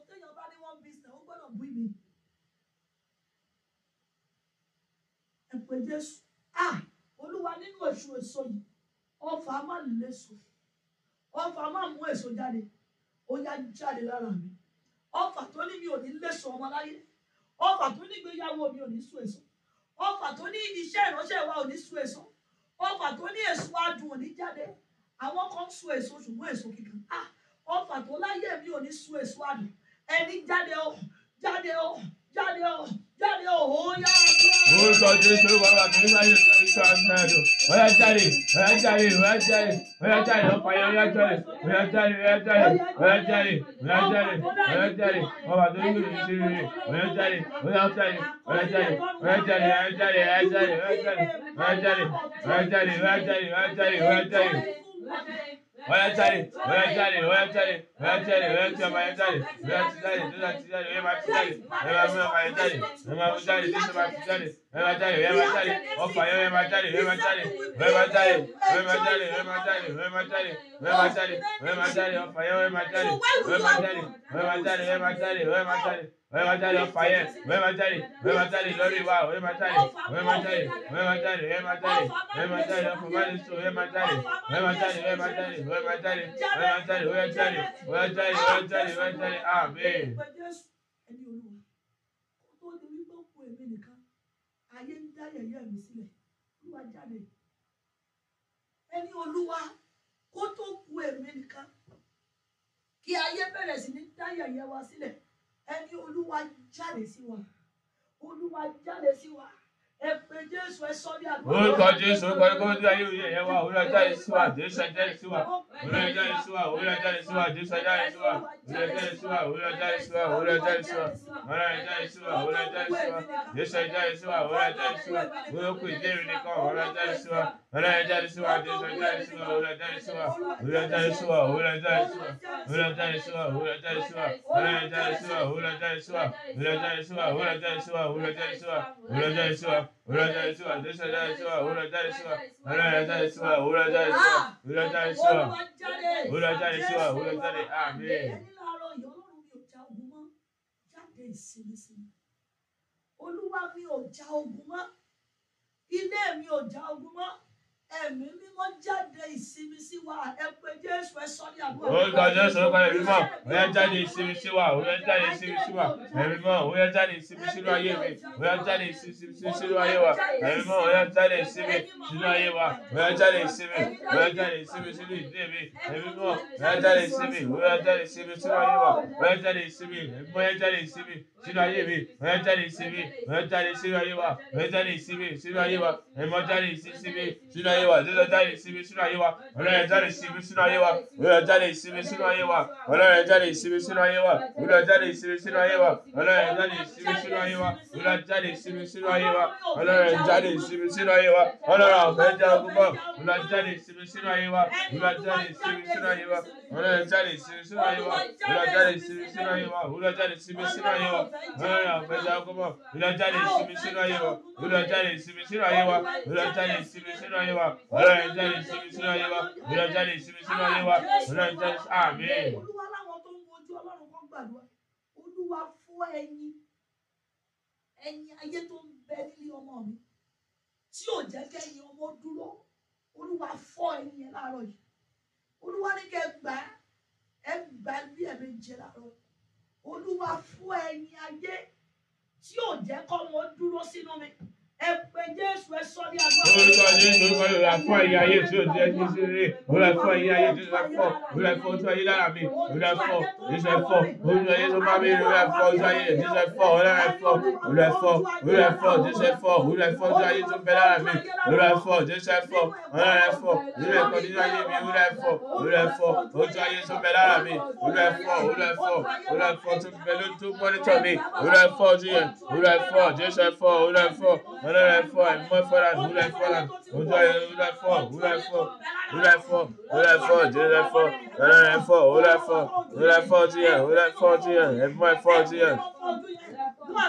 B: pe jésù à olúwa nínú oṣù èso yìí ọfà má léso ọfà má mú èso jáde ó yá jáde lára mi ọfà tó ní mi ò ní léso ọmọ láyé ọfà tó ní gbéyàwó mi ò ní so èso ọfà tó ní iṣẹ́ ìránṣẹ́ wa ò ní so èso ọfà tó ní èso adùn ò ní jáde àwọn kan so èso ṣùgbọ́n èso kíkan à ọfà tó láyé mi ò ní so èso adùn ẹni jáde ọ jáde ọ jáde ọ jáde òhun yá àdúrà.
C: orúkọ jésù bàbá mi nígbà yóò tó ní sọ àmì náà lò ọyá jáde ọyá jáde ọyá jáde ọyá jáde ọkọ ayé ọyá jáde ọyá jáde ọyá jáde ọyá jáde ọyá jáde ọyá jáde ọba tó ní kò ní sí rere ọyá jáde ọyá jáde ọyá jáde ọyá jáde ọyá jáde ọyá jáde ọyá jáde ọyá jáde ọyá jáde ọyá jáde ọyá jáde ọyá
A: jáde ọ̀yá jáde ọ̀yá jáde ọ̀yá jáde ọ̀yá jáde ọ̀yá tí ọmọ yẹn jáde ọ̀yá tí
C: jáde tó náà ti jáde ọ̀yá máa fi jáde ọ̀yá máa fi ọmọ yẹn jáde ọ̀yá máa fi jáde tó máa fi jáde ọ̀yá máa jáde ọ̀yá máa jáde ọ̀fà yẹn ọ̀yá máa jáde ọ̀yá máa jáde ọ̀yá máa jáde ọ̀yá máa jáde ọ̀yá máa jáde ọ̀yá máa jáde ọ̀yá máa jáde ọ̀yá máa jáde ọ̀fà yẹn ọ̀yá máa jáde ọ̀yá máa jáde ọ̀yá máa jáde ọ̀yá máa jáde ọ̀yá máa jáde wẹ́n máa jáde ọ̀fà yẹn wẹ́n máa jáde wẹ́n máa jáde lórí wa wẹ́n máa jáde wẹ́n máa jáde wẹ́n máa jáde wẹ́n máa jáde wẹ́n máa jáde ọ̀fà máa ní sùn wẹ́n máa jáde wẹ́n máa jáde wẹ́n máa jáde wẹ́n máa jáde wẹ́n máa jáde wẹ́n jáde wẹ́n jáde wẹ́n jáde wẹ́n jáde amen.
B: ayé ń dá yẹ̀yẹ́ mi sílẹ̀ olúwa jáde ẹni olúwa kó tó ku èmi nìkan kí ayé bẹ̀rẹ̀ sí ní dá yẹ̀yẹ́ wa sílẹ̀ ẹni olúwa jáde sí wa olúwa jáde sí wa orúkọ jésù orúkọ ẹgbẹ́ ojú
C: ayé òye ẹ̀yẹ wa òwúrọ̀ ẹja ìṣúwà jésù ẹja ìṣúwà òwúrọ̀ ẹja ìṣúwà òwúrọ̀ ẹja ìṣúwà jésù ẹja ìṣúwà òwúrọ̀ ẹja ìṣúwà òwúrọ̀ ẹja ìṣúwà òwúrọ̀ ẹja ìṣúwà òwúrọ̀ ẹja ìṣúwà òwúrọ̀ ẹja ìṣúwà jésù ẹja ìṣúwà òwúrọ̀ ẹja ìṣúwà òwúrọ̀kù ìdérí nìkan òwúrọ̀ ẹja ìṣúwà òwúrọ̀ ẹja ìṣúwà jésù ẹja ìṣúwà òwúrọ̀ ẹja ìṣúwà òwúrọ̀ ẹja ìṣúwà òwúrọ̀ ẹja ìṣúwà òwúrọ̀ ẹja ìṣúwà òwúrọ̀ ẹja ìṣúwà òwúrọ̀ ẹja ìṣúwà òwúrọ̀ ẹja ìṣúwà òwúrọ̀ ẹja ìṣúwà òwúrọ̀ ẹja ìṣúwà òwúrọ̀ ẹja ìṣúwà òwúrọ̀ ẹja ìṣúwà 裏返しは、出しゃ返しは、裏返しは、裏返しは、裏返しは、裏返しは、裏返しは、裏返しは、àmín.
B: olúwa mi ò já ogun mọ́ ilé mi ò já ogun mọ́ ẹ̀mí mímọ́ jáde ìsinmi sí wa ẹ pé Jésù ẹ sọ ní àdúrà. orúkọ Jésù orúkọ ẹ̀mí mọ́ ó yá jáde
C: ìsinmi sí wa ó yá jáde ìsinmi sí wa ẹ̀mí mọ́ ó yá jáde ìsinmi sínú ayé mi ó yá jáde ìsinmi sínú ayé wa ẹ̀mí mọ́ ó yá jáde ìsinmi sínú ayé wa ó yá jáde ìsinmi ó yá jáde ìsinmi sínú ìdílé mi ẹ̀mí mọ́ ó yá jáde ìsinmi ó yá jáde ìsinmi sínú ayé wa ó yá sínú ayé mi ó yá jáde ìsinmi ó yá jáde sínú ayé wa ó yá jáde ìsinmi sínú ayé wa ẹ̀mí jáde ìsinmi sínú ayé ayé wa ìdílé jáde ìsinmi sínú ayé wa ọlọ́run rẹ̀ jáde ìsinmi sínú ayé wa ọlọ́run rẹ̀ jáde ìsinmi sínú ayé wa ọlọ́run rẹ̀ jáde ìsinmi sínú ayé wa ọlọ́run rẹ̀ jáde ìsinmi sínú ayé wa ọlọ́run rẹ̀ jáde ìsinmi sínú ayé wa ọlọ́run rẹ̀ jáde ìsinmi sínú ayé wa ọlọ́run rẹ̀ jáde ìsinmi sínú ayé wa ọlọ́run ọ̀fẹ́ já púpọ̀ ọlọ́run jáde ìsinmi sínú ayé wa ọlọ́run jáde ìsinmi sínú ayé wa ọlọ́run jáde ìsinmi sínú ayé wa ọlọ́run jáde ìsinmi sínú ayé wa ọlọ́run jáde ìsinmi sínú ayé wa ọlọ́run ọ̀fẹ́ já púpọ̀ ọlọ́run ìjáde ìsinmi sínú ayé wa ọlọ́run ìjáde ìsinmi sínú ayé wa ọlọ́run ìjáde àmì.
B: olúwa láwọn tó ń wojú ọlọ́run kan gbàdúrà olúwa fún ẹyin ẹyin ayé tó ń bẹ nílé ọmọ mi tí ò jẹ́ kẹ́yìn ọmọ dúró olúwa fọ́ ẹyin ẹ láàárọ̀ olúwa fún ẹyin ayé tí ò jẹ́ kọ́ wọn dúró sínú mi. Ẹ̀pẹ̀ Jésù ẹ sọ ní àgbà. Olùkọ́ Jésù olùkọ́ yóò la fọ́ ẹ̀yà ayé tí ó jẹ́ ní
C: sírí. Ó la fọ́ ẹ̀yà ayé tí ó la fọ́. Ó la fọ́ ojú ayé lára mi. Ó la fọ́ Jésù ẹ fọ́. Olùkọ́ ayé tó bá mi rí. Ó la fọ́ ojú ayé Jésù ẹ fọ́. Ó la fọ́. Ó la fọ́. Ó la fọ́ Jésù ẹ fọ́. Ó la fọ́ ojú ayé tó bẹ lára mi. Ó la fọ́ Jésù ẹ fọ́. Ó la fọ́. Jésù ẹ fọ́ nínú ayé mi. Ó la fọ́. Ó la fọ́ ojú ayé tó bẹ lára mi. Ó la fọ́. Ó la fọ́. Ó la fọ́ tó bẹ lójú mọ́nítọ̀ mi. Ó la fọ́ ojú yẹn. Ó la fọ́ Jésù ẹ reform, more for who reform, who reform, who reform, who reform, who reform, who reform, who reform, who reform, who reform, who reform, who reform, who reform,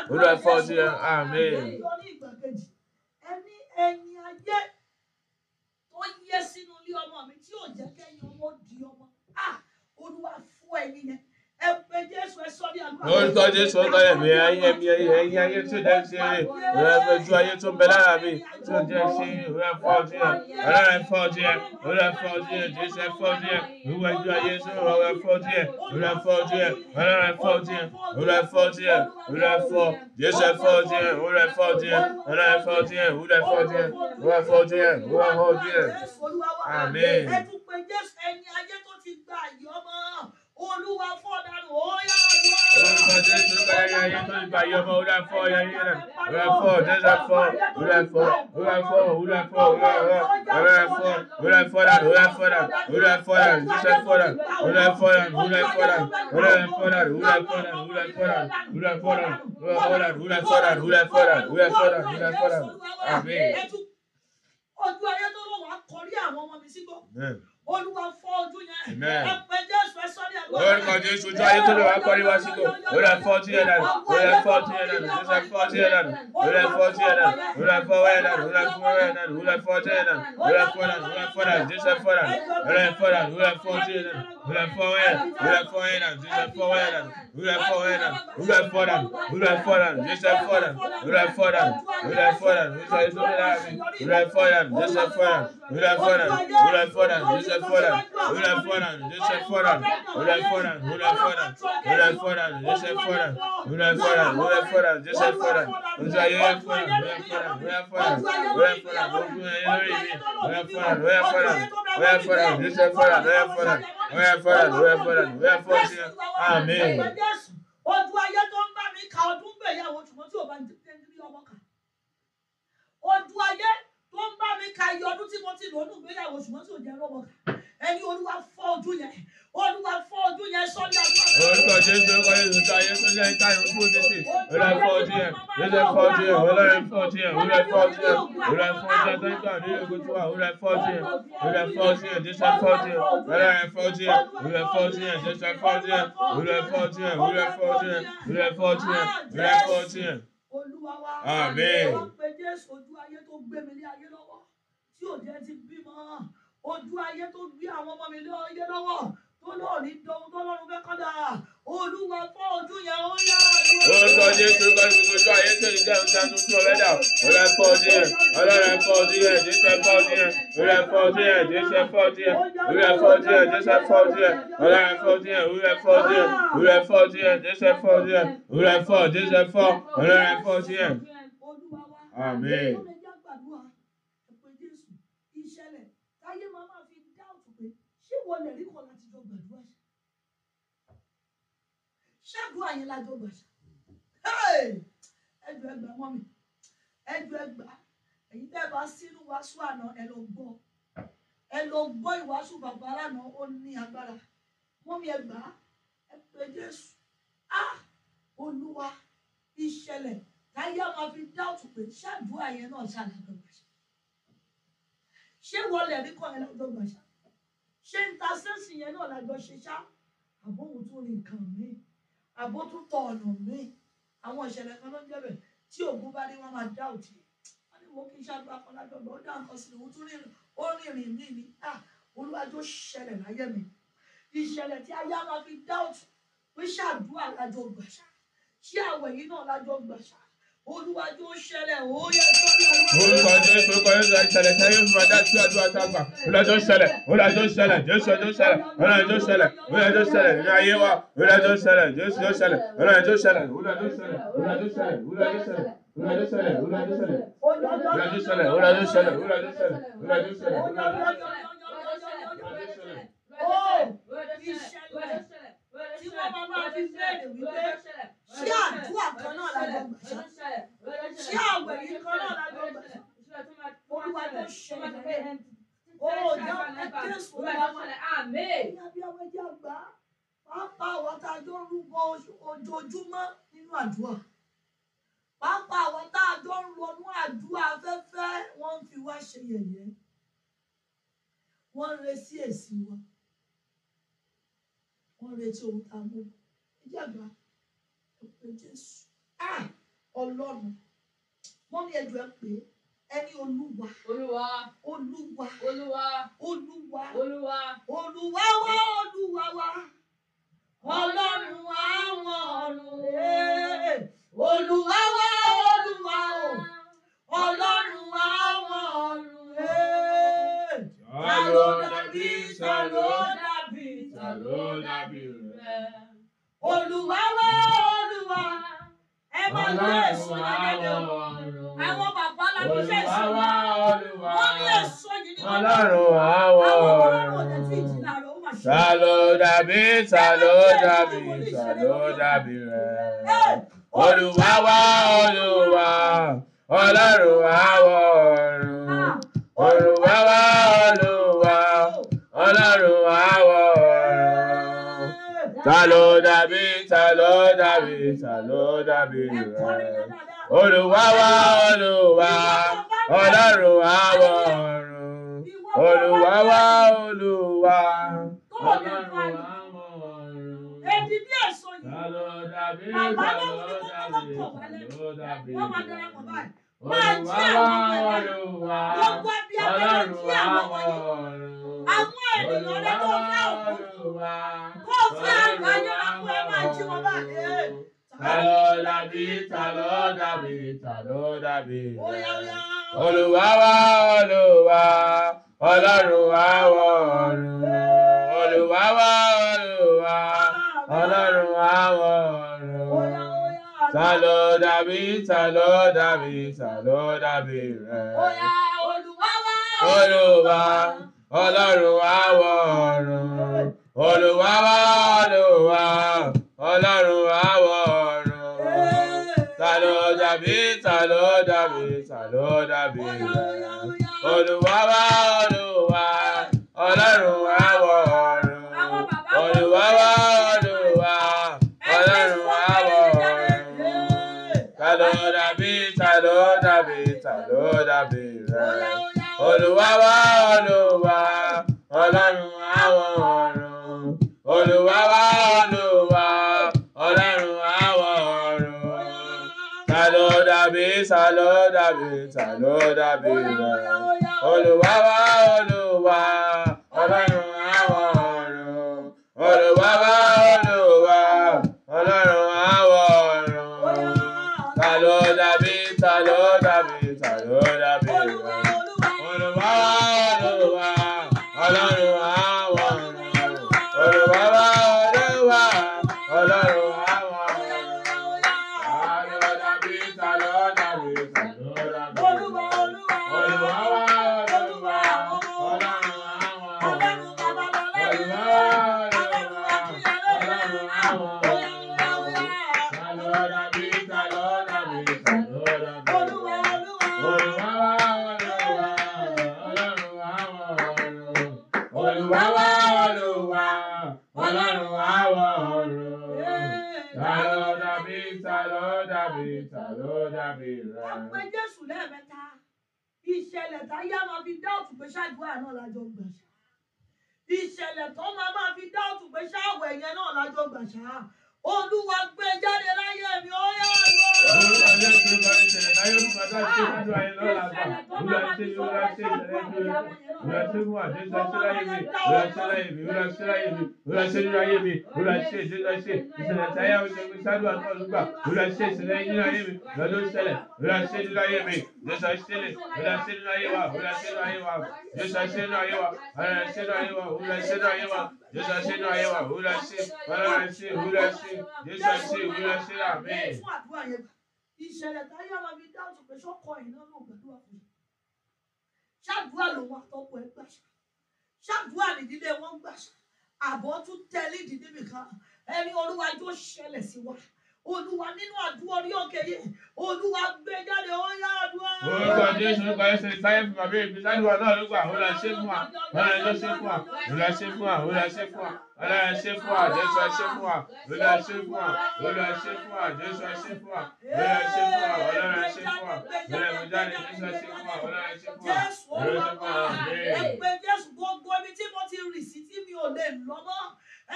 C: who reform, who reform, amen.
B: Ẹni ẹni ayé tó yẹ sínú ilé ọmọ mi tí ò jẹ́ kẹ́yìn ọmọ di ọmọ, ah, olúwa fún ẹni yẹn orúkọ jésù ọkọ ẹ̀mí ayé ẹ̀mí ẹ̀yìn ayé tó jẹ́
C: ṣe rè rẹ̀ ojú ayé tó ń bẹ lára mi tó jẹ́ ṣe rẹ̀ fọ́ ọdún yẹn ọ̀rẹ́ rẹ̀ fọ́ ọdún yẹn ọ̀rẹ́ fọ́ ọdún yẹn jésù ẹ̀ fọ́ ọdún yẹn wíwọ ojú ayé tó rọ̀ rẹ̀ fọ́ ọdún yẹn ọ̀rẹ́ fọ́ ọdún yẹn ọ̀rẹ́ rẹ̀ fọ́ ọdún yẹn ọ̀rẹ́ fọ́ ọdún yẹn ọ̀rẹ́ fọ́ jésù ẹ̀ fọ́ ọdún yẹn ọ̀rẹ́ fọ́ ọdún yẹn ọ̀rẹ́ fọ́ ọdún yẹn ọ̀rẹ́ fọ́ ọdún yẹn ọ̀rẹ́ fọ́ ọdún yẹn ọ̀rẹ́ fọ́ ọdún yẹn
B: àmín. ẹ tún pe jésù ẹni ayé tó ti gba àyè ọmọ olúwa fọ́ dànù
C: óyá olúwa. Olúwa Jésù ká yẹ yẹ tó ìgbà yẹ ọmọ olúwa fọ́ yẹ yẹ rẹ̀. Olúwa fọ́ Jésù fọ́ olúwa fọ́ olúwa fọ́ olúwa fọ́ olúwa fọ́ olúwa fọ́ olúwa fọ́ dànù olúwa fọ́ dànù olúwa fọ́ dànù Jésù fọ́ dànù olúwa fọ́ dànù olúwa fọ́ dànù olúwa fọ́ dànù olúwa fọ́ dànù olúwa fọ́ dànù olúwa fọ́ dànù olúwa fọ́ dànù olúwa fọ́ dànù olúwa fọ́ dànù olúwa fọ́ dànù olúwa fọ́ dànù. Àmín.
B: Ojú ayé tó lọ wà á kọrí àwọn ọmọ mi sígbó. Amen. Lord, my Jesus, I told you, I call you a single. Would have fought here then? Would have fought here then? Would have fought
C: here then? Would have fought here then? Would have fought here then? Would have fought here then? Would have fought here then? Would have fought here then? Would have fought here then? Would have fought here then? Would have fought here then? Would have fought here then? Would have fought here then? Would have fought here then? Who that for them? Who that for them? Who that for them? Just that for them. Who that for them? Who that for them? Who that for them? Who that for them? Just that for them. Who that for them? Who that for them? Just that for them. Who that for them? Just that for them. Who that for them? Who that for them? Who that for them? Just that for them. Who that for them? Who that for them? Just that for them. Who that for them? Who that for them? Who that for Who that for Who that for Who that for Who that for them? olha fora, deixa fora, olha fora, olha fora, olha fora, olha fora.
B: Amém. Ojú ayé tó ń bá mi ka ọdún gbèyàwó ṣùgbọ́n tí ò bá ń dín ní ọmọ kan. Ojú ayé tó ń bá mi ka iye ọdún tí mo ti lò ó nù gbéyàwó ṣùgbọ́n tí ò jẹ́ ọmọ kan. Ẹni olúwa fọ́ ojú yẹn olúwa fọ́ ojú yẹn sọ́jà
C: gbọ́dọ̀. orúkọ jésù orúkọ jésù ta yẹn sọ́jà yẹn ta yẹn fún títì olúwa fọ́ ojú yẹn jésù fọ́ ojú yẹn olúwa fọ́ ojú yẹn olúwa fọ́ ojú yẹn olúwa fọ́ ojú yẹn tẹ́ńtà ní ìlú tó wà olúwa fọ́ ojú yẹn olúwa fọ́ ojú yẹn jésù fọ́ ojú yẹn olúwa fọ́ ojú yẹn olúwa fọ́ ojú yẹn jésù fọ́ ojú yẹn olúwa fọ́ ojú yẹn olúwa fọ́ ojú yẹn olúwa fọ́ ojú yẹn olúwa fọ́ ojú yẹn.
B: olúwa wa àmín. ó pe jésù ojú ayé tó gbé mi ní ayé lọ́wọ́ tí ò jẹ́ ti bímọ ojú ayé tó gbé àwọn ọmọ mi ní ayé lọ́wọ́ tó náà ní dohun tó lọ́run fẹ́ kọ́dà olúwa
C: fọ́ ojú yẹn ó yá lórúkọ jésù kọ́ni gbogbo ayé tó ń dẹ́rù dánú tó lẹ́dà ọlọ́run fọ́ ojú yẹn ọlọ́run fọ́ ojú yẹn jésù fọ́ ojú yẹn ọlọ́run fọ́ ojú yẹn jésù fọ́ ojú yẹn ọlọ́run fọ́ ojú yẹn jésù fọ́ ojú yẹn ọlọ́run fọ́ ojú yẹn ọlọ́run fọ́ ojú yẹn ọlọ́run fọ́ ojú yẹn jésù fọ́ ojú yẹn ọlọ́run fọ́ jésù fọ́ ọlọ́run fọ́ ojú yẹn.
B: amen. ìṣẹ̀lẹ̀ táyé máa máa fi dáàbò pé ṣé wọlé rí kọ́lá ṣẹ́gun àyìnlá tó gbàṣà ẹjọ ẹgbà wọn mi ẹjọ ẹgbà èyí tẹ́ bá sínú wàásù àná ẹ lọ gbọ́ ẹ lọ gbọ́ ìwàásù bàbá àná ó ní agbára wọn mi ẹgbà ẹ pé Jésù á Olúwa ìṣẹ̀lẹ̀ táyé a máa fi dáàtú pé ṣáàdúrà àyẹn náà ṣàlàyé gbàṣà ṣé wọlé rí kọ́ yẹn lájọ gbàṣà ṣé ń ta sẹ́sìn yẹn náà lájọ ṣe ṣá àbóhùn tó rí nǹkan mìíràn àbótútọ̀ ọ̀nà míì àwọn ìṣẹ̀lẹ̀ kan ló ń jẹ́ bẹ̀ tí ògùn bá dé wọ́n máa dá òtí wọ́n ní mo kí iṣẹ́ àdúrà kan ládọ́gbọ̀ ó dá nǹkan sí òun tún rìnrìn ó rìnrìn mí ni olúwàjò ṣẹlẹ̀ láyé mi ìṣẹ̀lẹ̀ tí ayé wa fi dá òtí pé ṣàdúrà lájọ gbàṣà ṣé àwẹ̀ yìí náà lájọ gbàṣà olùwàjú ó ṣẹlẹ̀ ó yẹ
C: kí orúkọ jésù orúkọ jésù àìṣẹlẹ̀ tí ayé fún adá tí àdúrà tá a gbà olùdájọ́ ṣẹlẹ̀ olùdájọ́ ṣẹlẹ̀ jésù ọjọ́ ṣẹlẹ̀ olùdájọ́ ṣẹlẹ̀ olùdájọ́ ṣẹlẹ̀ ní ayé wa olùdájọ́ ṣẹlẹ̀ jésù ọjọ́ ṣẹlẹ̀ olùdájọ́ ṣẹlẹ̀ olùdájọ́ ṣẹlẹ̀ olùdájọ́ ṣẹlẹ̀ olùdájọ́ ṣẹlẹ̀ olùdájọ́ ṣẹlẹ̀
B: olùdájọ́ ṣẹlẹ̀ olùdájọ́ ṣẹlẹ̀ olùdájọ́ ṣẹlẹ̀ olùdájọ́ ṣẹlẹ̀
C: olùdájọ́ ṣẹlẹ̀ olùdájọ́
B: ṣẹlẹ̀.
A: ó ìṣẹ̀lẹ̀
B: tí wọn máa máa fi bẹ́ẹ̀ ṣé àdúrà kan náà lájọ gbà ṣá ṣé àwẹ̀ yìí kan náà lájọ gbà ṣá olúwa ló ṣe é owó ìjọ jésù olúwa wà ní abiyamọ ẹjẹ àgbà pápá àwọn tá a jọ ń rúbọ ojoojúmọ́ nínú àdúrà pápá àwọn tá a jọ ń ronú àdúrà afẹ́fẹ́ wọ́n ń fi wá ṣe yẹ̀yẹ́ wọ́n ń retí èsì wa wọ́n ń retí ohun tá a mú ẹjẹ àgbà pé jésù ah, ọlọ́run mọ́mí ẹ̀dùn ẹ̀ pé ẹni olúwa olúwa olúwa olúwa olúwa olúwa olúwa wa olúwa wa ọlọ́run àwọn ọ̀run olúwa wa olúwa o ọlọ́run àwọn
A: ọ̀run ta ló dàbí ta ló
B: dàbí ta ló dàbí rẹ olùwà wá olùwà ẹ máa gbé èso lọ́gẹ́dẹ́ o àwọn bàbá alábí fẹ́ sọ wọ́n ní èso yìí ní ọlọ́run
A: àwọn ọ̀rọ̀ sàlọ dàbí sàlọ
C: dàbí sàlọ dàbí rẹ olùwà wá olùwà ọlọ́run àwọn ọ̀run olùwà wá ah, olùwà ọlọ́run àwọn ọ̀run ta ló dàbí ta ló dàbí ta ló dàbí rẹ wa Olúwa Ọlọ́run àwọn ọ̀run wa Olúwa Ọlọ́run àwọn ọ̀run. Èdè bí èso yìí. Ta ló dàbí ta
B: máa jí àwọn ọmọ rẹ gbogbo ẹbí àwọn jí àwọn ọmọ
C: rẹ àwọn ènìyàn rẹ tó fẹ́ òkú kó fẹ́ àgbáyé lápò ẹ máa jí wọn báyìí. Taló dàbí, taló dàbí, taló dàbí. Olúwa wa Olúwa, Ọlọ́run wa wọ̀ọ̀rùn. Olúwa wa Olúwa, Ọlọ́run wa wọ̀ọ̀rùn. Tàló dàbí, tàló dàbí, tàló dàbí rẹ̀. Oya
A: Olúwa wá. Olúwa
C: Ọlọ́run àwọ̀ ọ̀run. Olúwa wá Olúwa Ọlọ́run àwọ̀ ọ̀run. Tàló dàbí, tàló dàbí, tàló dàbí rẹ̀. Olúwa wá. lọ́dà bíta lọ́dà bíta lọ́dà bíta. Olúwa wá Olúwa ọlọ́run àwọn ọ̀run. Olúwa wá Olúwa ọlọ́run àwọn ọ̀run. Ta lọ́dà bíta lọ́dà bíta lọ́dà bíta. Olúwa wá Olúwa ọlọ́run. Olúwa ṣe mú àdéhùn ṣe láyé mi. Olúwa ṣe láyé mi. Olúwa ṣe láyé mi. Olúwa ṣe nínú ayé mi. Olúwa ṣe ìṣẹ̀lẹ̀ ṣe. Ìṣẹ̀lẹ̀ tí ayé mi ṣe fi ṣáájú àti ọ̀dùnkà. Olúwa ṣe ìṣẹ̀lẹ̀ nínú ayé mi. Lọ́dún ṣẹlẹ̀. Olúwa ṣe nínú ayé mi. Jésù ṣe lè. Olúwa ṣe nínú ayé wa. Olúwa ṣe nínú ayé wa. Jésù ṣe nínú ayé wa. Olúwa ṣe nínú ayé wa. Olúwa ṣe nínú ayé wa. Jésù ṣe nínú ayé wa. Olúwa ṣe. Olúwa ṣe. Olúwa ṣe. Jésù ṣe. Olúwa ṣe. Àmín.
B: Ìṣẹ̀lẹ̀ táyé wa fi dáhùn pé sọ́kọ̀ ìnáwó gbàdúrà fún ṣáàdúrà lòun àtọkọ ẹ gbàṣà ṣáàdúrà nìdílé wọn gbàṣà àbọ̀ tún tẹ́lẹ̀ ìdílé mi kan ẹni olúwa yóò ṣẹlẹ̀ sí wa olúwa nínú àdúrà orí òkè yìí olúwa gbé jáde ó yá
C: àdúrà. orúkọ jésù orúkọ jésù ìsáyẹ fún bàbá èmi sádùúgbà náà ló gbà ó lọ ṣe fún wa ó lọ ṣe fún wa ó lọ ṣe fún wa ó lọ ṣe fún wa ó lọ ṣe fún wa jésù ẹ ṣe fún wa ó lọ ṣe fún wa ó lọ ṣe fún wa jésù ẹ ṣe fún wa ó lọ ṣe fún wa ó lọ ṣe fún wa ó lọ ṣe jáde jésù ẹ ṣe fún wa ó lọ ṣe fún wa ó lọ ṣe fún wa. ẹ
B: pé jésù gbogbo ibi tí mo ti rì sí tí mi ò lè lọ́mọ́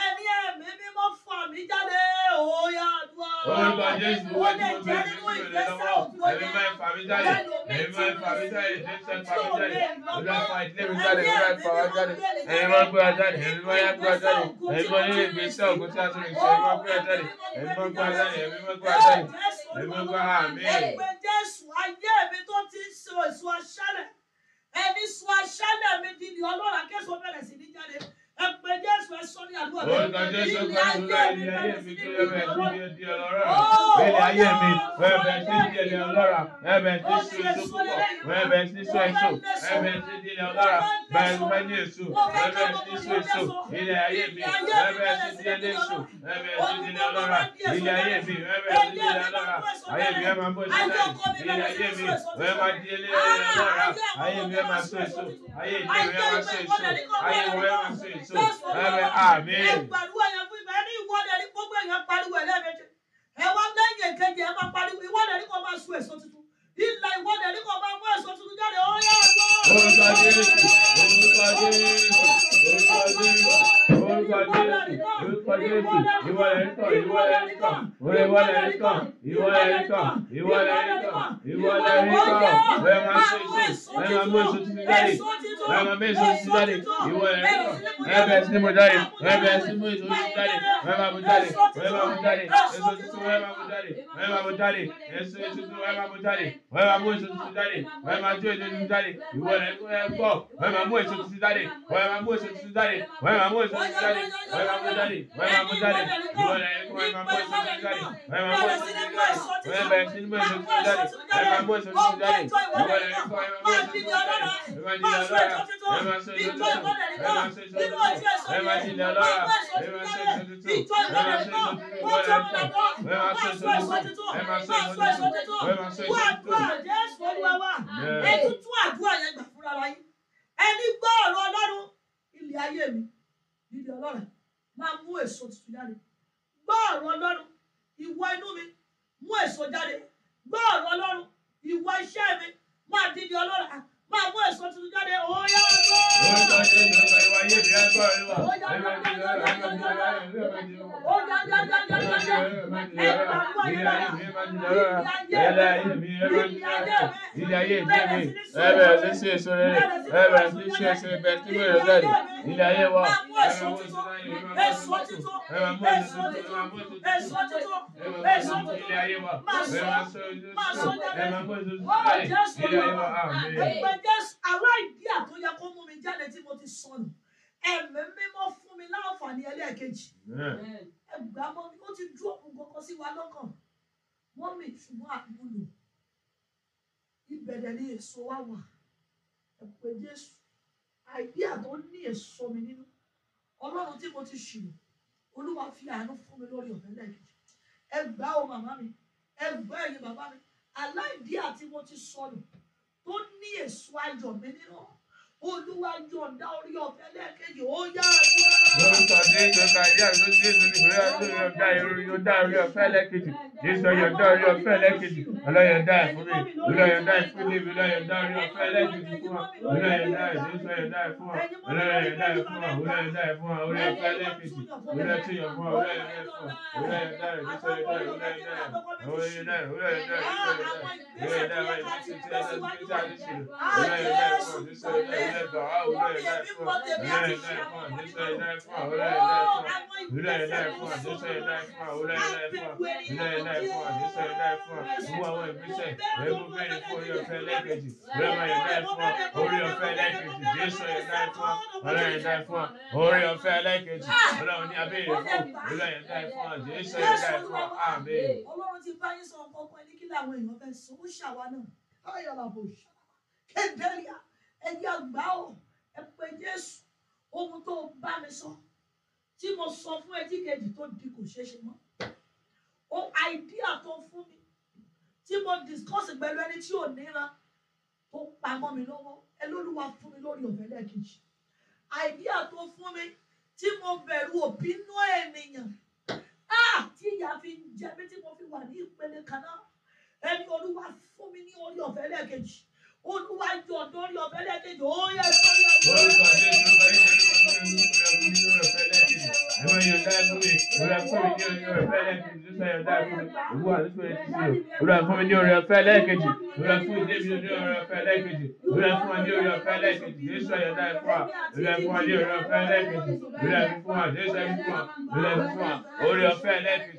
B: ẹni ẹ̀mí mímọ́ fà mí jáde òòyà àdúrà. orúkọ jésù
C: wọ́n ti mú mi nínú ìrẹ̀lẹ̀ lọ́wọ́ ẹ̀mí máa ń fà mí jáde ẹ̀mí máa ń fà mí jáde ẹ̀mí máa ń fà mí jáde ẹ̀mí máa ń fà ìdílé mi jáde ẹ̀mí máa ń fà wá jáde ẹ̀mí máa ń gbé wa jáde ẹ̀mí máa ń yá gbé wa jáde ẹ̀mí máa ń nílé ìgbésẹ̀ ògùn tí a tún lè ṣe ẹ̀mí máa ń gbé wa jáde ẹ̀mí máa ń gbé wa jáde ẹ̀mí máa ń gbé wa jáde ẹ̀mí máa ń gbé wa àmì. ẹgbẹ́ jésù
B: ayé mi tó ti ń sọ èso aṣálẹ̀ ẹni sọ aṣálẹ̀ mi di ni ẹ ayé mi bẹ̀rẹ̀ sí ní èso
C: ayé mi ẹ máa so èso ayé mi ẹ máa so èso ayé mi ẹ máa so èso
B: jésù
C: ẹrẹ Olúwa lẹ́rí kan, ìwọ lẹ́rí kan, ìwọ lẹ́rí kan, bẹ́ẹ̀ máa mú èso, bẹ́ẹ̀ máa mú èso tuntun jáde, bẹ́ẹ̀ máa mú èso tuntun jáde, ìwọ lẹ́rí kan, bẹ́ẹ̀ bẹ́ẹ̀ sí mo jáde, bẹ́ẹ̀ bẹ́ẹ̀ sí mo èso tuntun jáde, bẹ́ẹ̀ máa mú jáde, bẹ́ẹ̀ máa mú jáde, èso tuntun bẹ́ẹ̀ máa mú jáde, bẹ́ẹ̀ máa mú jáde, èso tuntun bẹ́ẹ̀ máa mú jáde, bẹ̀rẹ̀ sí ní mú èso tí mo bẹ̀rẹ̀ sí ní mú èso tí mo jáde bẹ̀rẹ̀ mú èso tí mo jáde bẹ̀rẹ̀ mú èso tí mo jáde máa fi ní ọlọ́ra máa sọ èso tuntun ìtọ́ ìgbọ́dọ̀ nìkan nínú ọtí èso yẹn máa sọ èso tuntun ìtọ́ ìgbọ́dọ̀ nìkan wọ́n tó ń lọ́kọ́ máa sọ èso tuntun máa sọ èso tuntun wọ́n àdúrà
B: Jésù Olúwa wa ètùtù àdúrà yẹn gbà fúnra wa yín ẹni gbọ́ ọ̀rọ̀ Ọlọ́run ilé ayé mi lílẹ̀ ọlọ́run máa mú èso tuntun jáde gbọ́ ọ̀rọ̀ Ọlọ́run ìwọ inú mi mú èso jáde gbọ́ ọ̀rọ̀ ọlọ́run ìwọ iṣẹ́ mi máa di ọlọ́run ah, máa wọ èso tuntun jáde òun yá wá gbọ́.
A: Ilé ayé
C: wa. Èso tuntun, èso tuntun, èso tuntun, èso tuntun, èso tuntun. Ilé ayé wa. Máa sọ, máa sọ jáde. Ó Jésù lọ. Àmín
B: ará ìdí àtúnyẹ kó mú mi jáde tí mo ti sọnù ẹ̀mí mímọ́ fún mi láǹfààní ẹlẹ́ẹ̀kejì ẹgbà mọ́ mi ó ti dú òkun kankan sí wa lọ́kàn wọ́n mi ṣùgbọ́n àmúlò ìbẹ̀rẹ̀ ní èso wá wà ẹ̀pẹ̀ Jésù àìdí àtọ́ ní èso mi nínú Ọlọ́run tí mo ti ṣìlò Olúwa fi àánú fún mi lórí ọ̀fẹ́ lẹ́ẹ̀kejì ẹgbà o màmá mi ẹgbà ẹ̀yin bàbá mi aláìdí àti mo ti sọnù tó ní èso ayọ̀ mi nínú olúwa yọ̀ǹda orí ọ̀fẹ́ lẹ́ẹ̀kejì ó yá àdúrà.
C: lórúkọ jésù kàdí àdúrà jésù nífẹ̀ẹ́ àdúrà yọ̀ǹda yọ̀ǹda orí ọ̀fẹ́ lẹ́ẹ̀kejì jésù yọ̀ǹda orí ọ̀fẹ́ lẹ́ẹ̀kejì ọlọ́yọ̀ǹda ìfún mi ọlọ́yọ̀ǹda ìfún mi ọlọ́yọ̀ǹda orí ọ̀fẹ́ lẹ́ẹ̀kejì fún wa ọlọ́yọ̀ǹda jésù yọ̀ǹda ìfún wa ọlọ́yọ̀ǹda ìfún wa ọlọ́yọ̀ǹda ìfún wa orí ọ̀fẹ́ lẹ́ẹ̀kejì ọlọ́yọ̀ǹda ìfún wa ọlọ́yọ̀ǹda ìfún wa ọlọ́yọ̀ǹda ọlọ́yọ̀ǹda ọlọ́yọ̀ǹda ọlọ́yọ̀ǹda Orí ọ̀fẹ́ ẹlẹ́kẹ̀jì, ọlọ́run ní abẹ́rẹ́ fún, ọlọ́run ẹ̀dá ẹ̀fọ́ àjẹ́, ìṣẹ́ ẹ̀dá ẹ̀fọ́ àmì.
B: Ọlọ́run ti bá yín sọ ọkọ̀ ọkọ̀ ẹni kí làwọn èèyàn fẹ́ sọ, ó ṣàwa náà, ayọ̀ làbò, kéde rí a ẹ jẹ́ àgbà ò ẹ pé Jésù ohun tó bá mi sọ tí mo sọ fún ẹtí kejì tó di kò ṣeé ṣe mọ́ o àìdíà tó fún mi tí mo discuss pẹ̀lú ẹni tí ò níra tó pamọ́ mi lọ́wọ́ ẹ lóluwà fún mi lórí ọ̀fẹ́ lẹ́ẹ̀kejì àìdíà tó fún mi tí mo bẹ̀rù òbí n
C: lò olúwa fún mi ní oore ọ̀fẹ́ lẹ́ẹ̀kejì olúwa fún ìdí mi ní oore ọ̀fẹ́ lẹ́ẹ̀kejì olúwa fún wa ní oore ọ̀fẹ́ lẹ́ẹ̀kejì jésù ayọ̀dá ẹ̀ fún wa olúwa fún wa ní oore ọ̀fẹ́ lẹ́ẹ̀kejì olúwa fún wa jésù ẹ̀ fún wa olúwa fún wa oore ọ̀fẹ́ lẹ́ẹ̀kejì.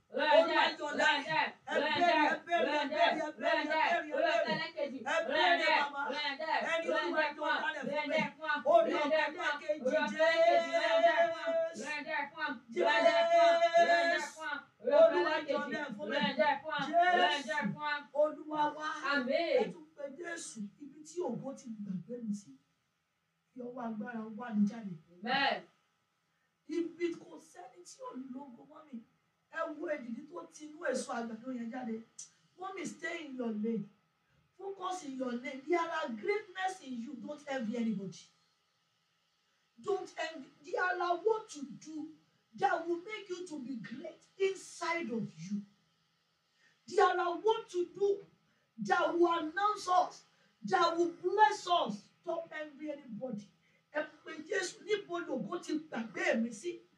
B: agbára wà ní jáde. Ibi kò sẹ́ni tí ò lógo mọ́ mi ẹ wo èdìdí tó ti inú èso àgbàdo yẹn jáde mommy stay in your lane focus in your lane there are greatness in you don't envy anybody don't envy there are what to do that will make you to be great inside of you there are what to do that will announce us that will bless us don't envy anybody ẹ pé Jésù níbo lògo ti gbàgbé mi sí. Si.